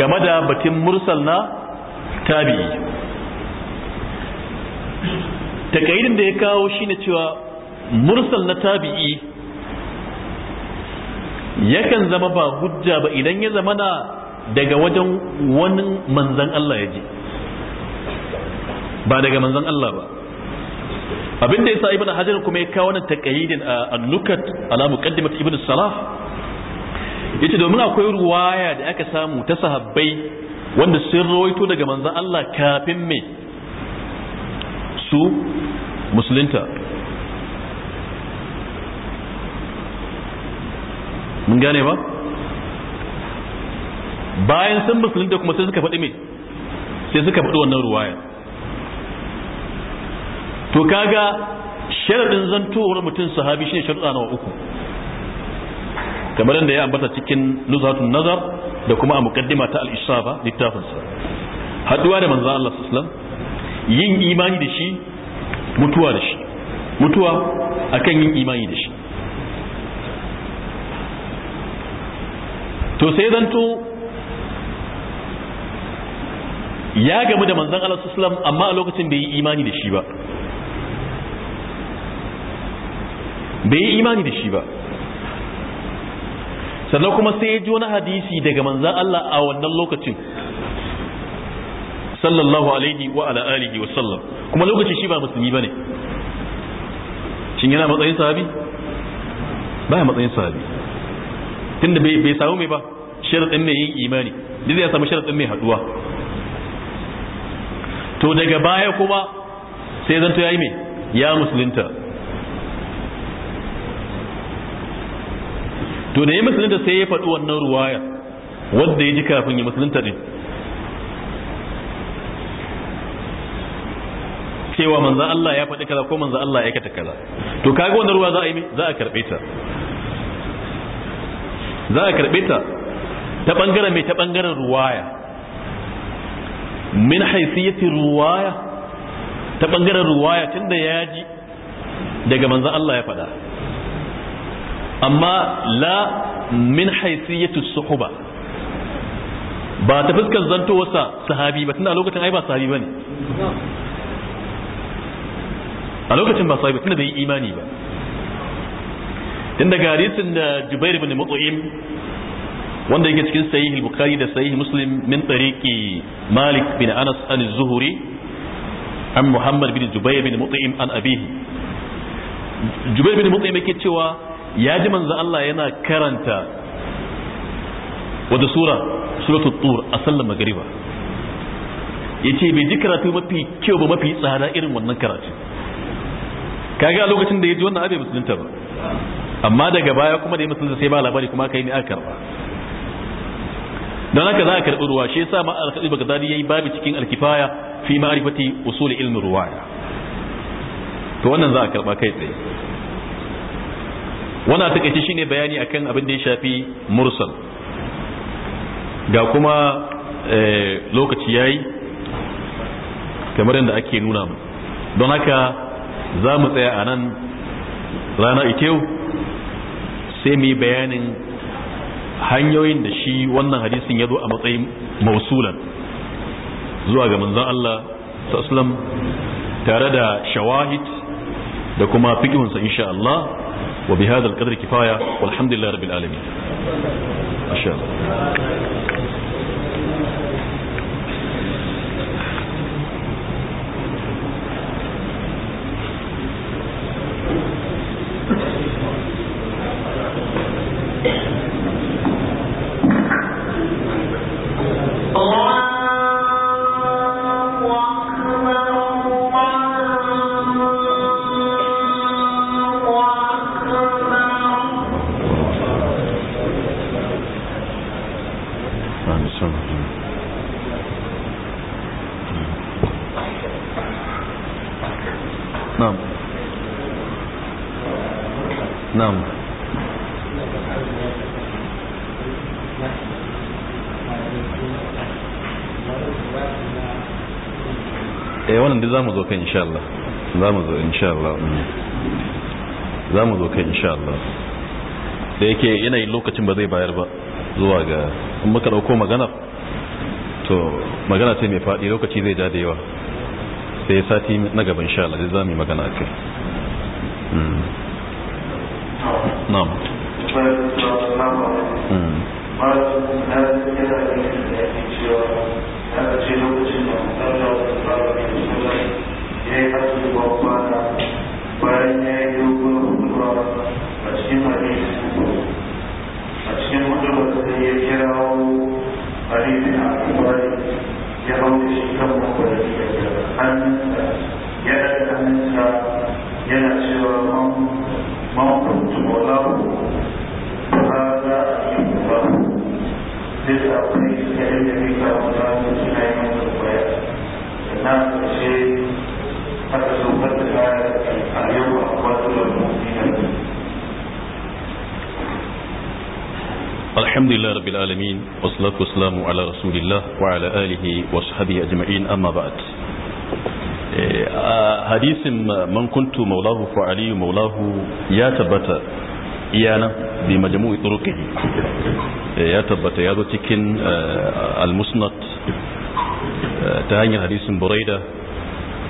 game da batun mursal na tabi'i takayidin da ya kawo shine cewa mursal na tabi'i yakan zama ba hujja ba idan ya zama na daga wajen wani manzan Allah ya ji ba daga manzan Allah ba abinda ya sa ibn hajar kuma ya kawo wannan taqayyidin a nukat ala muqaddimat ibn salah yace domin akwai ruwaya da aka samu ta sahabbai wanda sun rawaito daga manzan Allah kafin me su musulunta mun gane ba bayan sun musulunta kuma sai suka faɗi me sai suka faɗi wannan ruwaya to kaga sharaɗin zantowar mutum sahabi shine sharaɗa na uku kamar yadda ya ambata cikin nuzatun nazar da kuma a mukaddima ta al-ishaba littafin sa haduwa da manza Allah sallallahu yin imani da shi mutuwa da shi mutuwa akan yin imani da shi to sai zanto ya gamu da manzan Allah sallam amma a lokacin bai yi imani da shi ba bai yi imani da shi ba sannan kuma sai ya ji wani hadisi daga manzan Allah a wannan lokacin sallallahu alaihi wa ala alihi wa sallam kuma lokacin shi ba musulmi bane shin yana matsayin sahabi ya matsayin sahabi tunda bai samu mai ba sharadin mai yin imani duk zai samu sharadin mai haɗuwa. to daga baya kuma sai zanto yi mai ya musulunta to da ya musulunta sai ya faɗi wannan ruwaya wanda ya ji kafin ya musulunta ɗin cewa manzan Allah ya faɗi kaza ko manzan Allah ya aikata kaza to kaga wannan ruwa za a yi za a karɓe ta za a karɓe ta ta bangaren mai ta bangaren ruwaya min haisiyati ruwaya ta bangaren ruwaya tun da ya ji daga manzan Allah ya faɗa amma la min haisiyati suhuba ba ta fuskar zanto wasa sahabi ba tunda a lokacin ai ba sahabi bane a lokacin ba sahabi tun da bai imani ba tun daga hadisin da Jubair bin Mut'im wanda yake cikin sahih bukhari da sahih muslim min tariqi malik bin anas an zuhuri an muhammad bin jubayr bin mut'im an abihi jubayr bin mut'im yake cewa ya ji manzo Allah yana karanta wata sura suratul tur a sallar Ya ce bai ji karatu mafi kyau ba mafi tsada irin wannan karatu kaga a lokacin da ya ji wannan abin musulunta ba amma daga baya kuma da ya musulunta sai ba labari kuma kai yi aka ba. dan haka za a karɓi ruwa shi yasa ma al-khatib bagdadi yayi babu cikin al-kifaya fi ma'rifati usul ilmi ruwaya to wannan za a karɓa kai tsaye wannan shi shine bayani akan abin da ya shafi mursal ga kuma eh, lokaci yayi kamar yadda ake nuna mu don haka za mu tsaya a nan rana ita sai mu yi bayanin hanyoyin da shi wannan hadisin ya zo a matsayin mausulan zuwa ga manzon Allah sallam tare da shawahid da kuma fikihunsa insha Allah wa bi hadha al-qadr kifaya walhamdulillahi rabbil alamin insha Allah za mu zo kan insha Allah za mu zo insha Allah za mu zo kan insha Allah da yake yanayin lokacin ba zai bayar ba zuwa ga in muka dauko magana to magana ce mai faɗi lokaci zai da yawa sai sati na gaba insha Allah za mu yi magana akai Mm. Mm. aka ce lokacin da musalla wata tsara da musamman ya yi a cikin hadisi cikin ya ba الحمد لله رب العالمين والصلاة والسلام على رسول الله وعلى آله وصحبه أجمعين أما بعد آه، حديث من كنت مولاه فعلي مولاه يا إيانا بمجموع طرقه ya tabbata ya zo cikin al-musnad ta hanyar hadisin buraida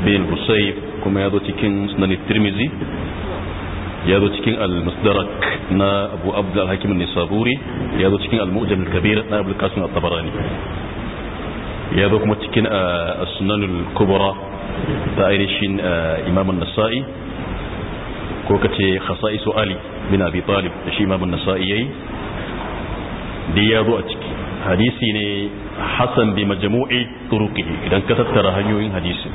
bin husayb kuma ya zo cikin sunan tirmizi ya zo cikin al-musdarak na abu abd hakim nisaburi ya zo cikin al-mu'jam al-kabir na abul qasim al tabarani ya zo kuma cikin as-sunan al-kubra ta ainihin imam an-nasa'i ko kace khasa'isu ali bin abi talib shi imam an-nasa'i yayi duk ya zo a ciki hadisi ne hasan bi majmu'i turuki idan ka tattara hanyoyin hadisi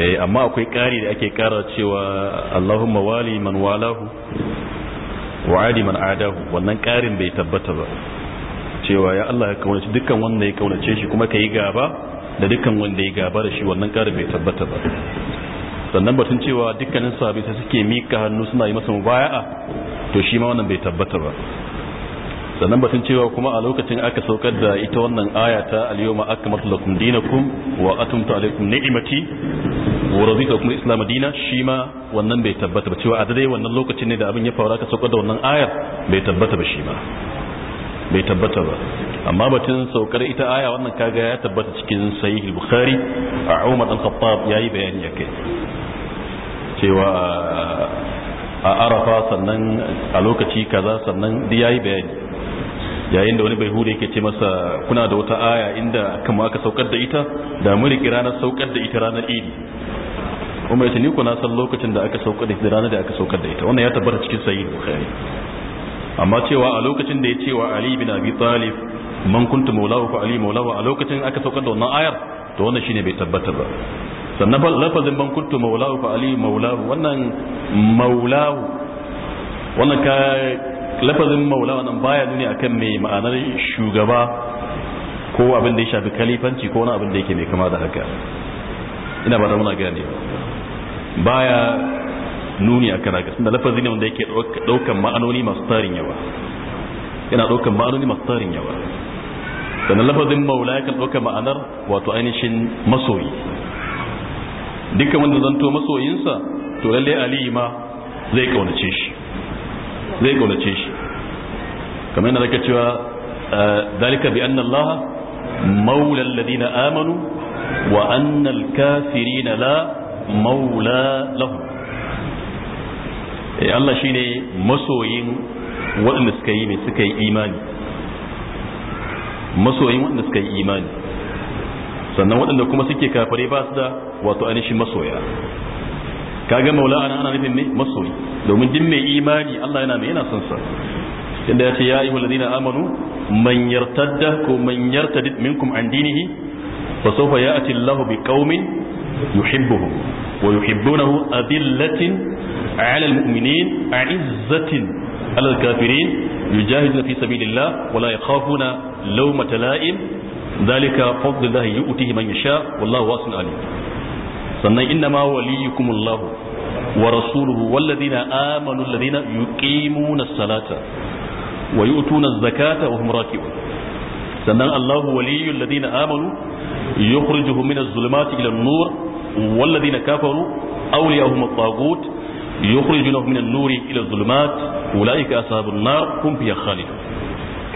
eh, amma akwai ƙari da ake ƙara cewa Allahumma wali man walahu wa adi man adahu wannan ƙarin bai tabbata ba cewa ya Allah ya kaunace dukkan wanda ya kaunace shi kuma ka yi gaba da dukkan wanda ya gaba da shi wannan ƙarin bai tabbata ba sannan batun cewa dukkanin sahabi sai suke mika hannu suna yi masa mubaya'a to shi ma wannan bai tabbata ba sannan batun cewa kuma a lokacin aka saukar da ita wannan aya ta al-yawma akmaltu lakum dinakum wa atamtu alaykum ni'mati wa raditu lakum islam dina shi ma wannan bai tabbata ba cewa a dai wannan lokacin ne da abin ya faru aka saukar da wannan ayar bai tabbata ba shi ma bai tabbata ba amma batun saukar ita aya wannan kaga ya tabbata cikin sahih bukhari a umar dan khattab yayi bayani akai cewa a arafa sannan a lokaci kaza sannan duk yayi bayani yayin da wani bai hure yake ce masa kuna da wata aya inda kama aka saukar da ita da muri ki ranar saukar da ita ranar idi kuma yace ni kuna san lokacin da aka saukar da ita ranar da aka saukar da ita wannan ya tabbata cikin sahih bukhari amma cewa a lokacin da ya cewa ali bin abi talib man kuntu mawlahu fa ali mawlahu a lokacin aka saukar da wannan ayar to wannan shine bai tabbata ba sannan lafazin man kuntu mawlahu fa ali mawlahu wannan mawlahu wannan ka lafazin maula wannan baya nuni akan mai ma'anar shugaba ko abin da ya shafi kalifanci ko wani abin da yake mai kama da haka ina ba da muna gane baya nuni akan haka tunda lafazin ne wanda yake daukan ma'anoni masu tarin yawa yana daukan ma'anoni masu tarin yawa sannan lafazin maula yakan dauka ma'anar wato ainihin masoyi dukkan wanda zanto masoyinsa to lalle aliyu ma zai kaunace shi zai kaulace shi kamar yana zaka cewa eh, dalika bi anna allaha maula alladhina amanu wa anna alkafirina la maula lahum eh Allah shine masoyin waɗanda suka yi ne suka yi imani masoyin waɗanda suka yi imani sannan waɗanda kuma suke kafare ba su da wato ainihin masoya kaga maula ana ana nufin ne masoyi domin din mai imani Allah yana mai yana son sa inda ya ce ya ayyuhal ladina amanu man yartadda ko man yartadid minkum an dinihi fa sawfa ya'ti Allahu bi qaumin yuhibbuhum wa yuhibbunahu adillatin 'ala al-mu'minin 'izzatin 'ala al-kafirin yujahiduna fi sabilillah wa la yakhafuna lawmata la'im dhalika fadlu Allah yu'tihi man yasha wallahu wasi'un 'alim sannan inna ma waliyukum Allah wa rasuluhu walladina amanu alladina yuqimuna as-salata wa yu'tuna az-zakata wa hum raki'un sannan Allah waliyul ladina amanu yukhrijuhum min az-zulumati ila an-nur kafaru awliyahum at كفروا أولياءهم min an-nuri ila az-zulumat أولئك ashabun nar هم fiha خالدون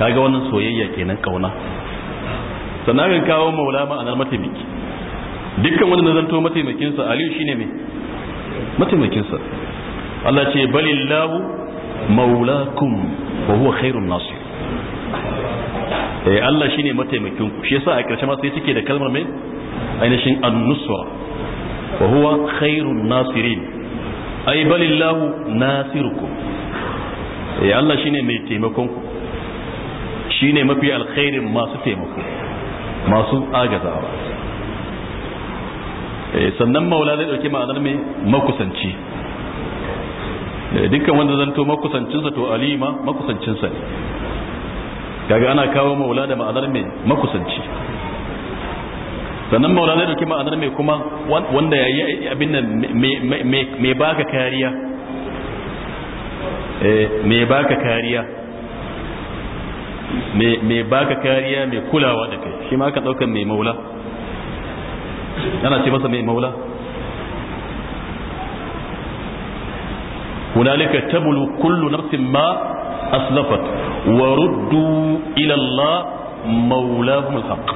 kaga wannan soyayya kenan kauna sannan kawo maula ma'anar mataimaki dukkan wanda na zanto mataimakinsa aliyu shine mai mataimakinsa Allah ce balillahu maulakum wa huwa khairun nasir eh Allah shine mataimakin ku shi yasa a karshe ma sai suke da kalmar mai ainihin an-nusra wa huwa khairun nasirin ay balillahu nasirukum eh Allah shine mai taimakon ku shine mafi alkhairin masu taimako masu agazawa Eh, sannan maula zai dauke ma'anar mai makusanci eh, dukkan wanda zanto makusancinsa to alima makusancinsa ne kaga ana kawo maula da ma'anar mai makusanci sannan maula zai dauke ma'anar mai kuma wanda ya yi abin nan mai baka kariya eh, mai baka kariya mai baka kariya mai kulawa da kai shi ma ka daukan mai maula ana ce masa mai maula hunalika tabulu kullu nafsin ma aslafat wa ruddu ila Allah maulahum alhaq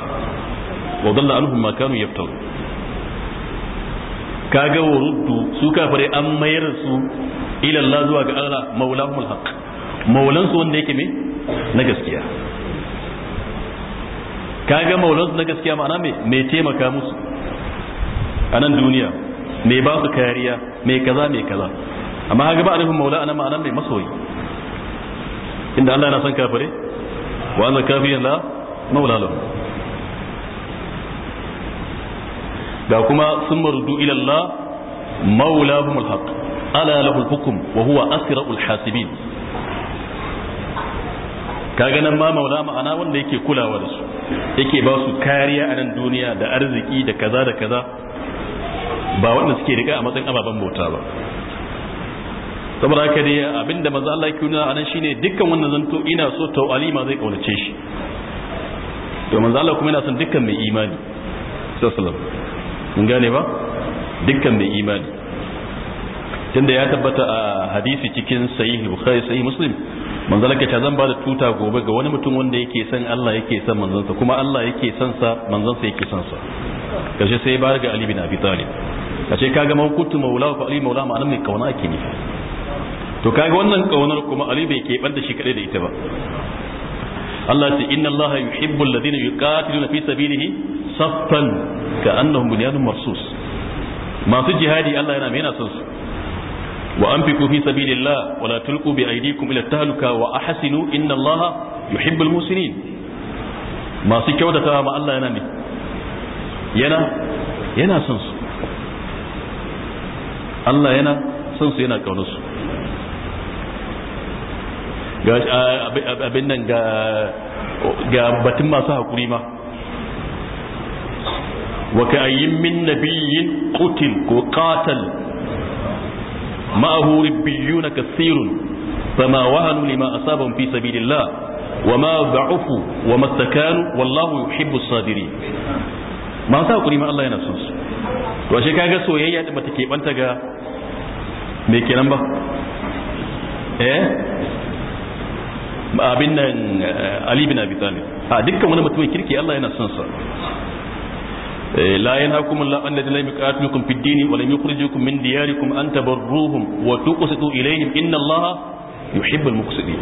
wa dalla anhum ma kanu yaftaru kaga wa ruddu su kafare an mayar su ila Allah zuwa ga Allah maulahum alhaq maulan su wanda yake me na gaskiya kaga maulan su na gaskiya ma'ana me me taimaka musu a nan duniya mai ba su kariya mai kaza mai kaza amma haka gaba a nufin maula anan ma'anan mai masoyi inda Allah yana son kafire wa anna kafiyan la maula lahu ga kuma sun marudu ila Allah maulahum alhaq ala lahu alhukm wa huwa asra'ul hasibin kaga nan ma maula ma'ana wanda yake kulawa da su yake ba su kariya a nan duniya da arziki da kaza da kaza ba wanda suke riga a matsayin ababen bauta ba saboda haka dai abinda manzo Allah ya kuna anan shine dukkan wannan zanto ina so to alima zai kaunace shi to manzo Allah kuma yana son dukkan mai imani sallallahu mun gane ba dukkan mai imani tunda ya tabbata a hadisi cikin sahih bukhari sahih muslim manzo Allah kace zan ba da tuta gobe ga wani mutum wanda yake son Allah yake son manzansa kuma Allah yake son sa manzansa yake son sa kace sai ya bar ga Ali bin Abi Talib a ce kaga mahukutu maula ko ali maula ma'anar mai kauna ake nufi to kaga wannan kaunar kuma ali bai keɓar da shi kaɗai da ita ba Allah ce inna Allah yuhibbul ladina yuqatiluna fi sabilihi saffan ka'annahum bunyanun marsus masu jihadi Allah yana mena son su wa anfiqu fi sabilillah wa la tulqu bi aydikum ila tahluka wa ahsinu inna Allah yuhibbul musinin masu kyautata ma Allah yana ne yana yana son su Allah yana son su yana kaunarsu ga abin nan ga batun masu haƙuri ma waka ayyin min nabiyyin qutil ko qatal ma'ahu ribbiyyuna kasirun fama wahanu lima asabun fi sabilillah wa ma ba'ufu wa mastakanu wallahu yuhibbu sadiri ma sa kuri ma Allah yana son su to shi kaga soyayya da mata keɓanta ga me ke nan ba eh abin nan eh, ali bin abi talib ha dukkan wani mutumin kirki Allah yana son sa eh, la yanhaqukum Allah an lam yuqatilukum fid din wa lam yukhrijukum min diyarikum an tabarruhum wa tuqsitu ilayhim inna Allah yuhibbul muqsitin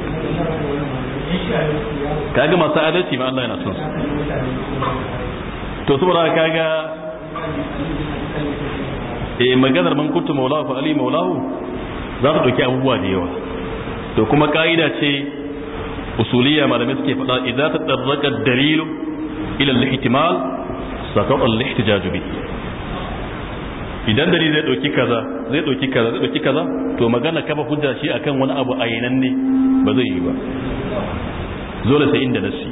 kaga masu adalci ba Allah yana son sa to saboda kaga eh maganar man kuntu maulahu fa ali maulahu za ta dauki abubuwa da yawa to kuma ka'ida ce usuliya malamai suke faɗa idan ta tsarraka dalilu ila al-ihtimal sakata al-ihtijaj bi idan dalil zai dauki kaza zai dauki kaza zai dauki kaza to magana kafa hujja shi akan wani abu ayinan ne ba zai yi ba dole sai inda nasi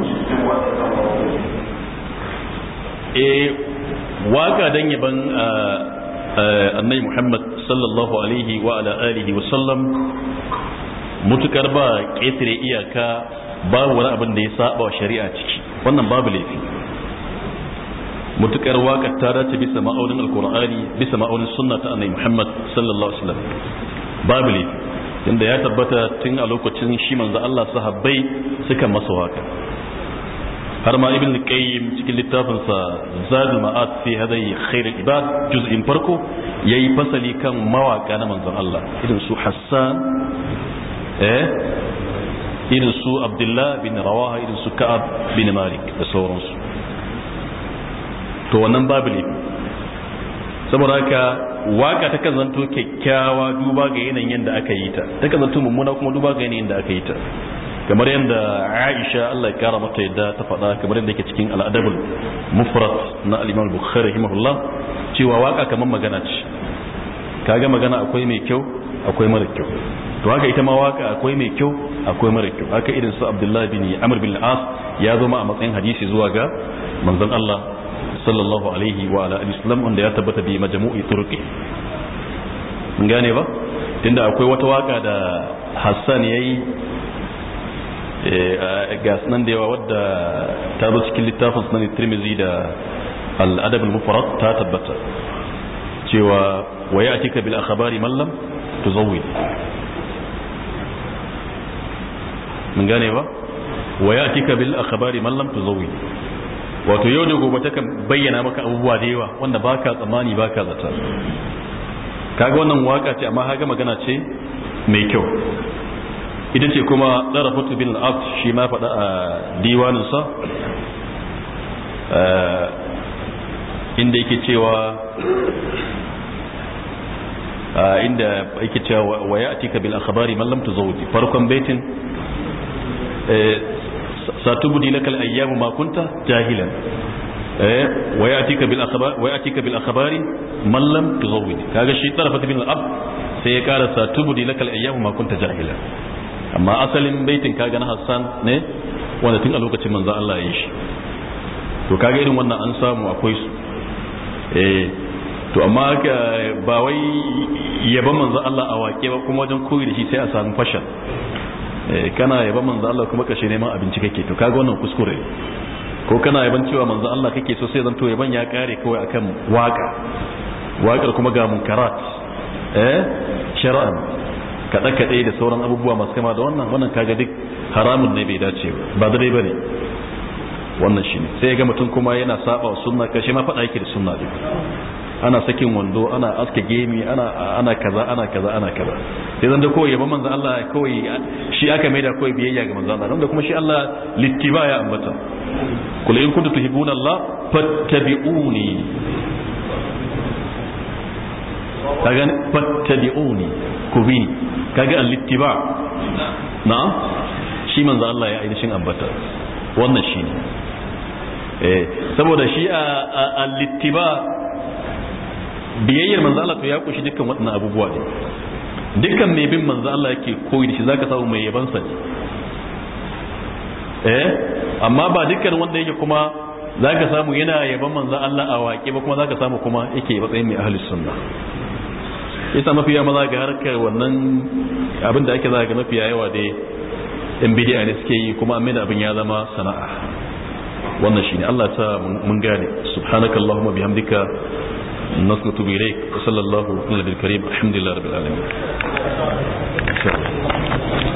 eh waka dan yaban ah, ah, annabi Muhammad sallallahu alaihi wa ala alihi wa sallam mutukar ba ƙetare iyaka babu wani abin da ya saba wa shari'a ciki wannan babu laifi mutukar waka ta dace bisa ma'aunin alkur'ani bisa ma'aunin sunna ta annabi Muhammad sallallahu alaihi wa sallam babu laifi inda ya tabbata tun a lokacin shi manzo Allah sahabbai suka masa waka har ma ibn qayyim cikin littafinsa zadul ma'at fi hadai al ibad juz'in farko yayi fasali kan mawaka na manzon Allah irin su Hassan eh irin su Abdullah bin Rawaha irin su Ka'ab bin Malik da sauransu to wannan babu saboda haka waka ta kan zanto kyakkyawa duba ga yanayin da aka yi ta ta kan zanto mummuna kuma duba ga yanayin da aka yi ta kamar yadda aisha allah ya kara mata yadda ta faɗa kamar yadda yake cikin al'adabul mufrat na al'imam bukhari rahimahullah cewa waka kamar magana ce kaga magana akwai mai kyau akwai mara kyau to haka ita ma waka akwai mai kyau akwai mara kyau haka irin su abdullahi bin amr bin as ya zo ma a matsayin hadisi zuwa ga manzon allah sallallahu alaihi wa ala alihi wasallam wanda ya tabbata bi majmu'i turqi gane ba tunda akwai wata waka da hassan yayi Eh, ga nan da yawa wadda ta zo cikin littafin sunan tirmizi da al'adab al-mufarad ta tabbata cewa waya akika bil akhbari mallam tuzawwid mun gane ba waya akika bil akhbari mallam tuzawwid wato yau da gobe takan bayyana maka abubuwa da yawa wanda baka tsammani baka zata kaga wannan waka ce amma haga magana ce mai kyau ita ce kuma tsarafatu bin al'abd shi ma faɗa a diwaninsa eh, inda yake cewa eh, inda yake cewa waya ya atika bil akhbari man lam tuzawji farkon baitin eh, satubudi lakal ayyamu ma kunta jahilan waya ya atika bil akhbari wa ya atika bil akhbari man lam tuzawji kaga shi tarafat bin al-ab sai ya karasa tubudi lakal ayyamu ma kunta jahilan amma asalin baitin kaga na hassan ne wanda tun a lokacin manzan Allah ya yi shi to kaga irin wannan an samu akwai su eh to amma ba wai yaba manzan Allah a wake ba kuma wajen koyi da shi sai a samu fashan eh, kana yaba manzan Allah kuma kashe neman abinci kake to kaga wannan kuskure ko kana yaban cewa manzan Allah kake so sai zanto yaban ya kare kawai akan waka wakar kuma ga munkarat eh shar'an kaɗe-kaɗe da sauran abubuwa masu kama da wannan wannan kaga duk haramun ne bai dace ba dare ba ne wannan shine sai ga mutum kuma yana saba wa sunna kashe ma faɗa yake da sunna duk ana sakin wando ana aske gemi ana ana kaza ana kaza ana kaza sai zan da kawai yaba manzo Allah kawai shi aka maida kawai biyayya ga manzo Allah dan da kuma shi Allah littiba ya ambata kul in kuntum tuhibbuna Allah fattabi'uni kaga fattabi'uni ku bi kaga al-ittiba na'am shi manzo Allah ya ainihin ambata wannan shi ne eh saboda shi al-ittiba biyayyar manzo Allah to ya kushi dukkan waɗannan abubuwa ne dukkan mai bin manzo Allah yake koyi da shi zaka samu mai yabansa ne eh amma ba dukkan wanda yake kuma zaka samu yana yaban manzo Allah a waƙe ba kuma zaka samu kuma yake matsayin mai ahlus sunna yasa mafiya maza ga harkar wannan abin da ake za ga mafiya yawa da yan bidiya ne suke yi kuma amma abin ya zama sana'a wannan ne Allah ta mun gane subhanakallahumma bihamdika نصلت إليك وصلى الله على الكريم الحمد لله رب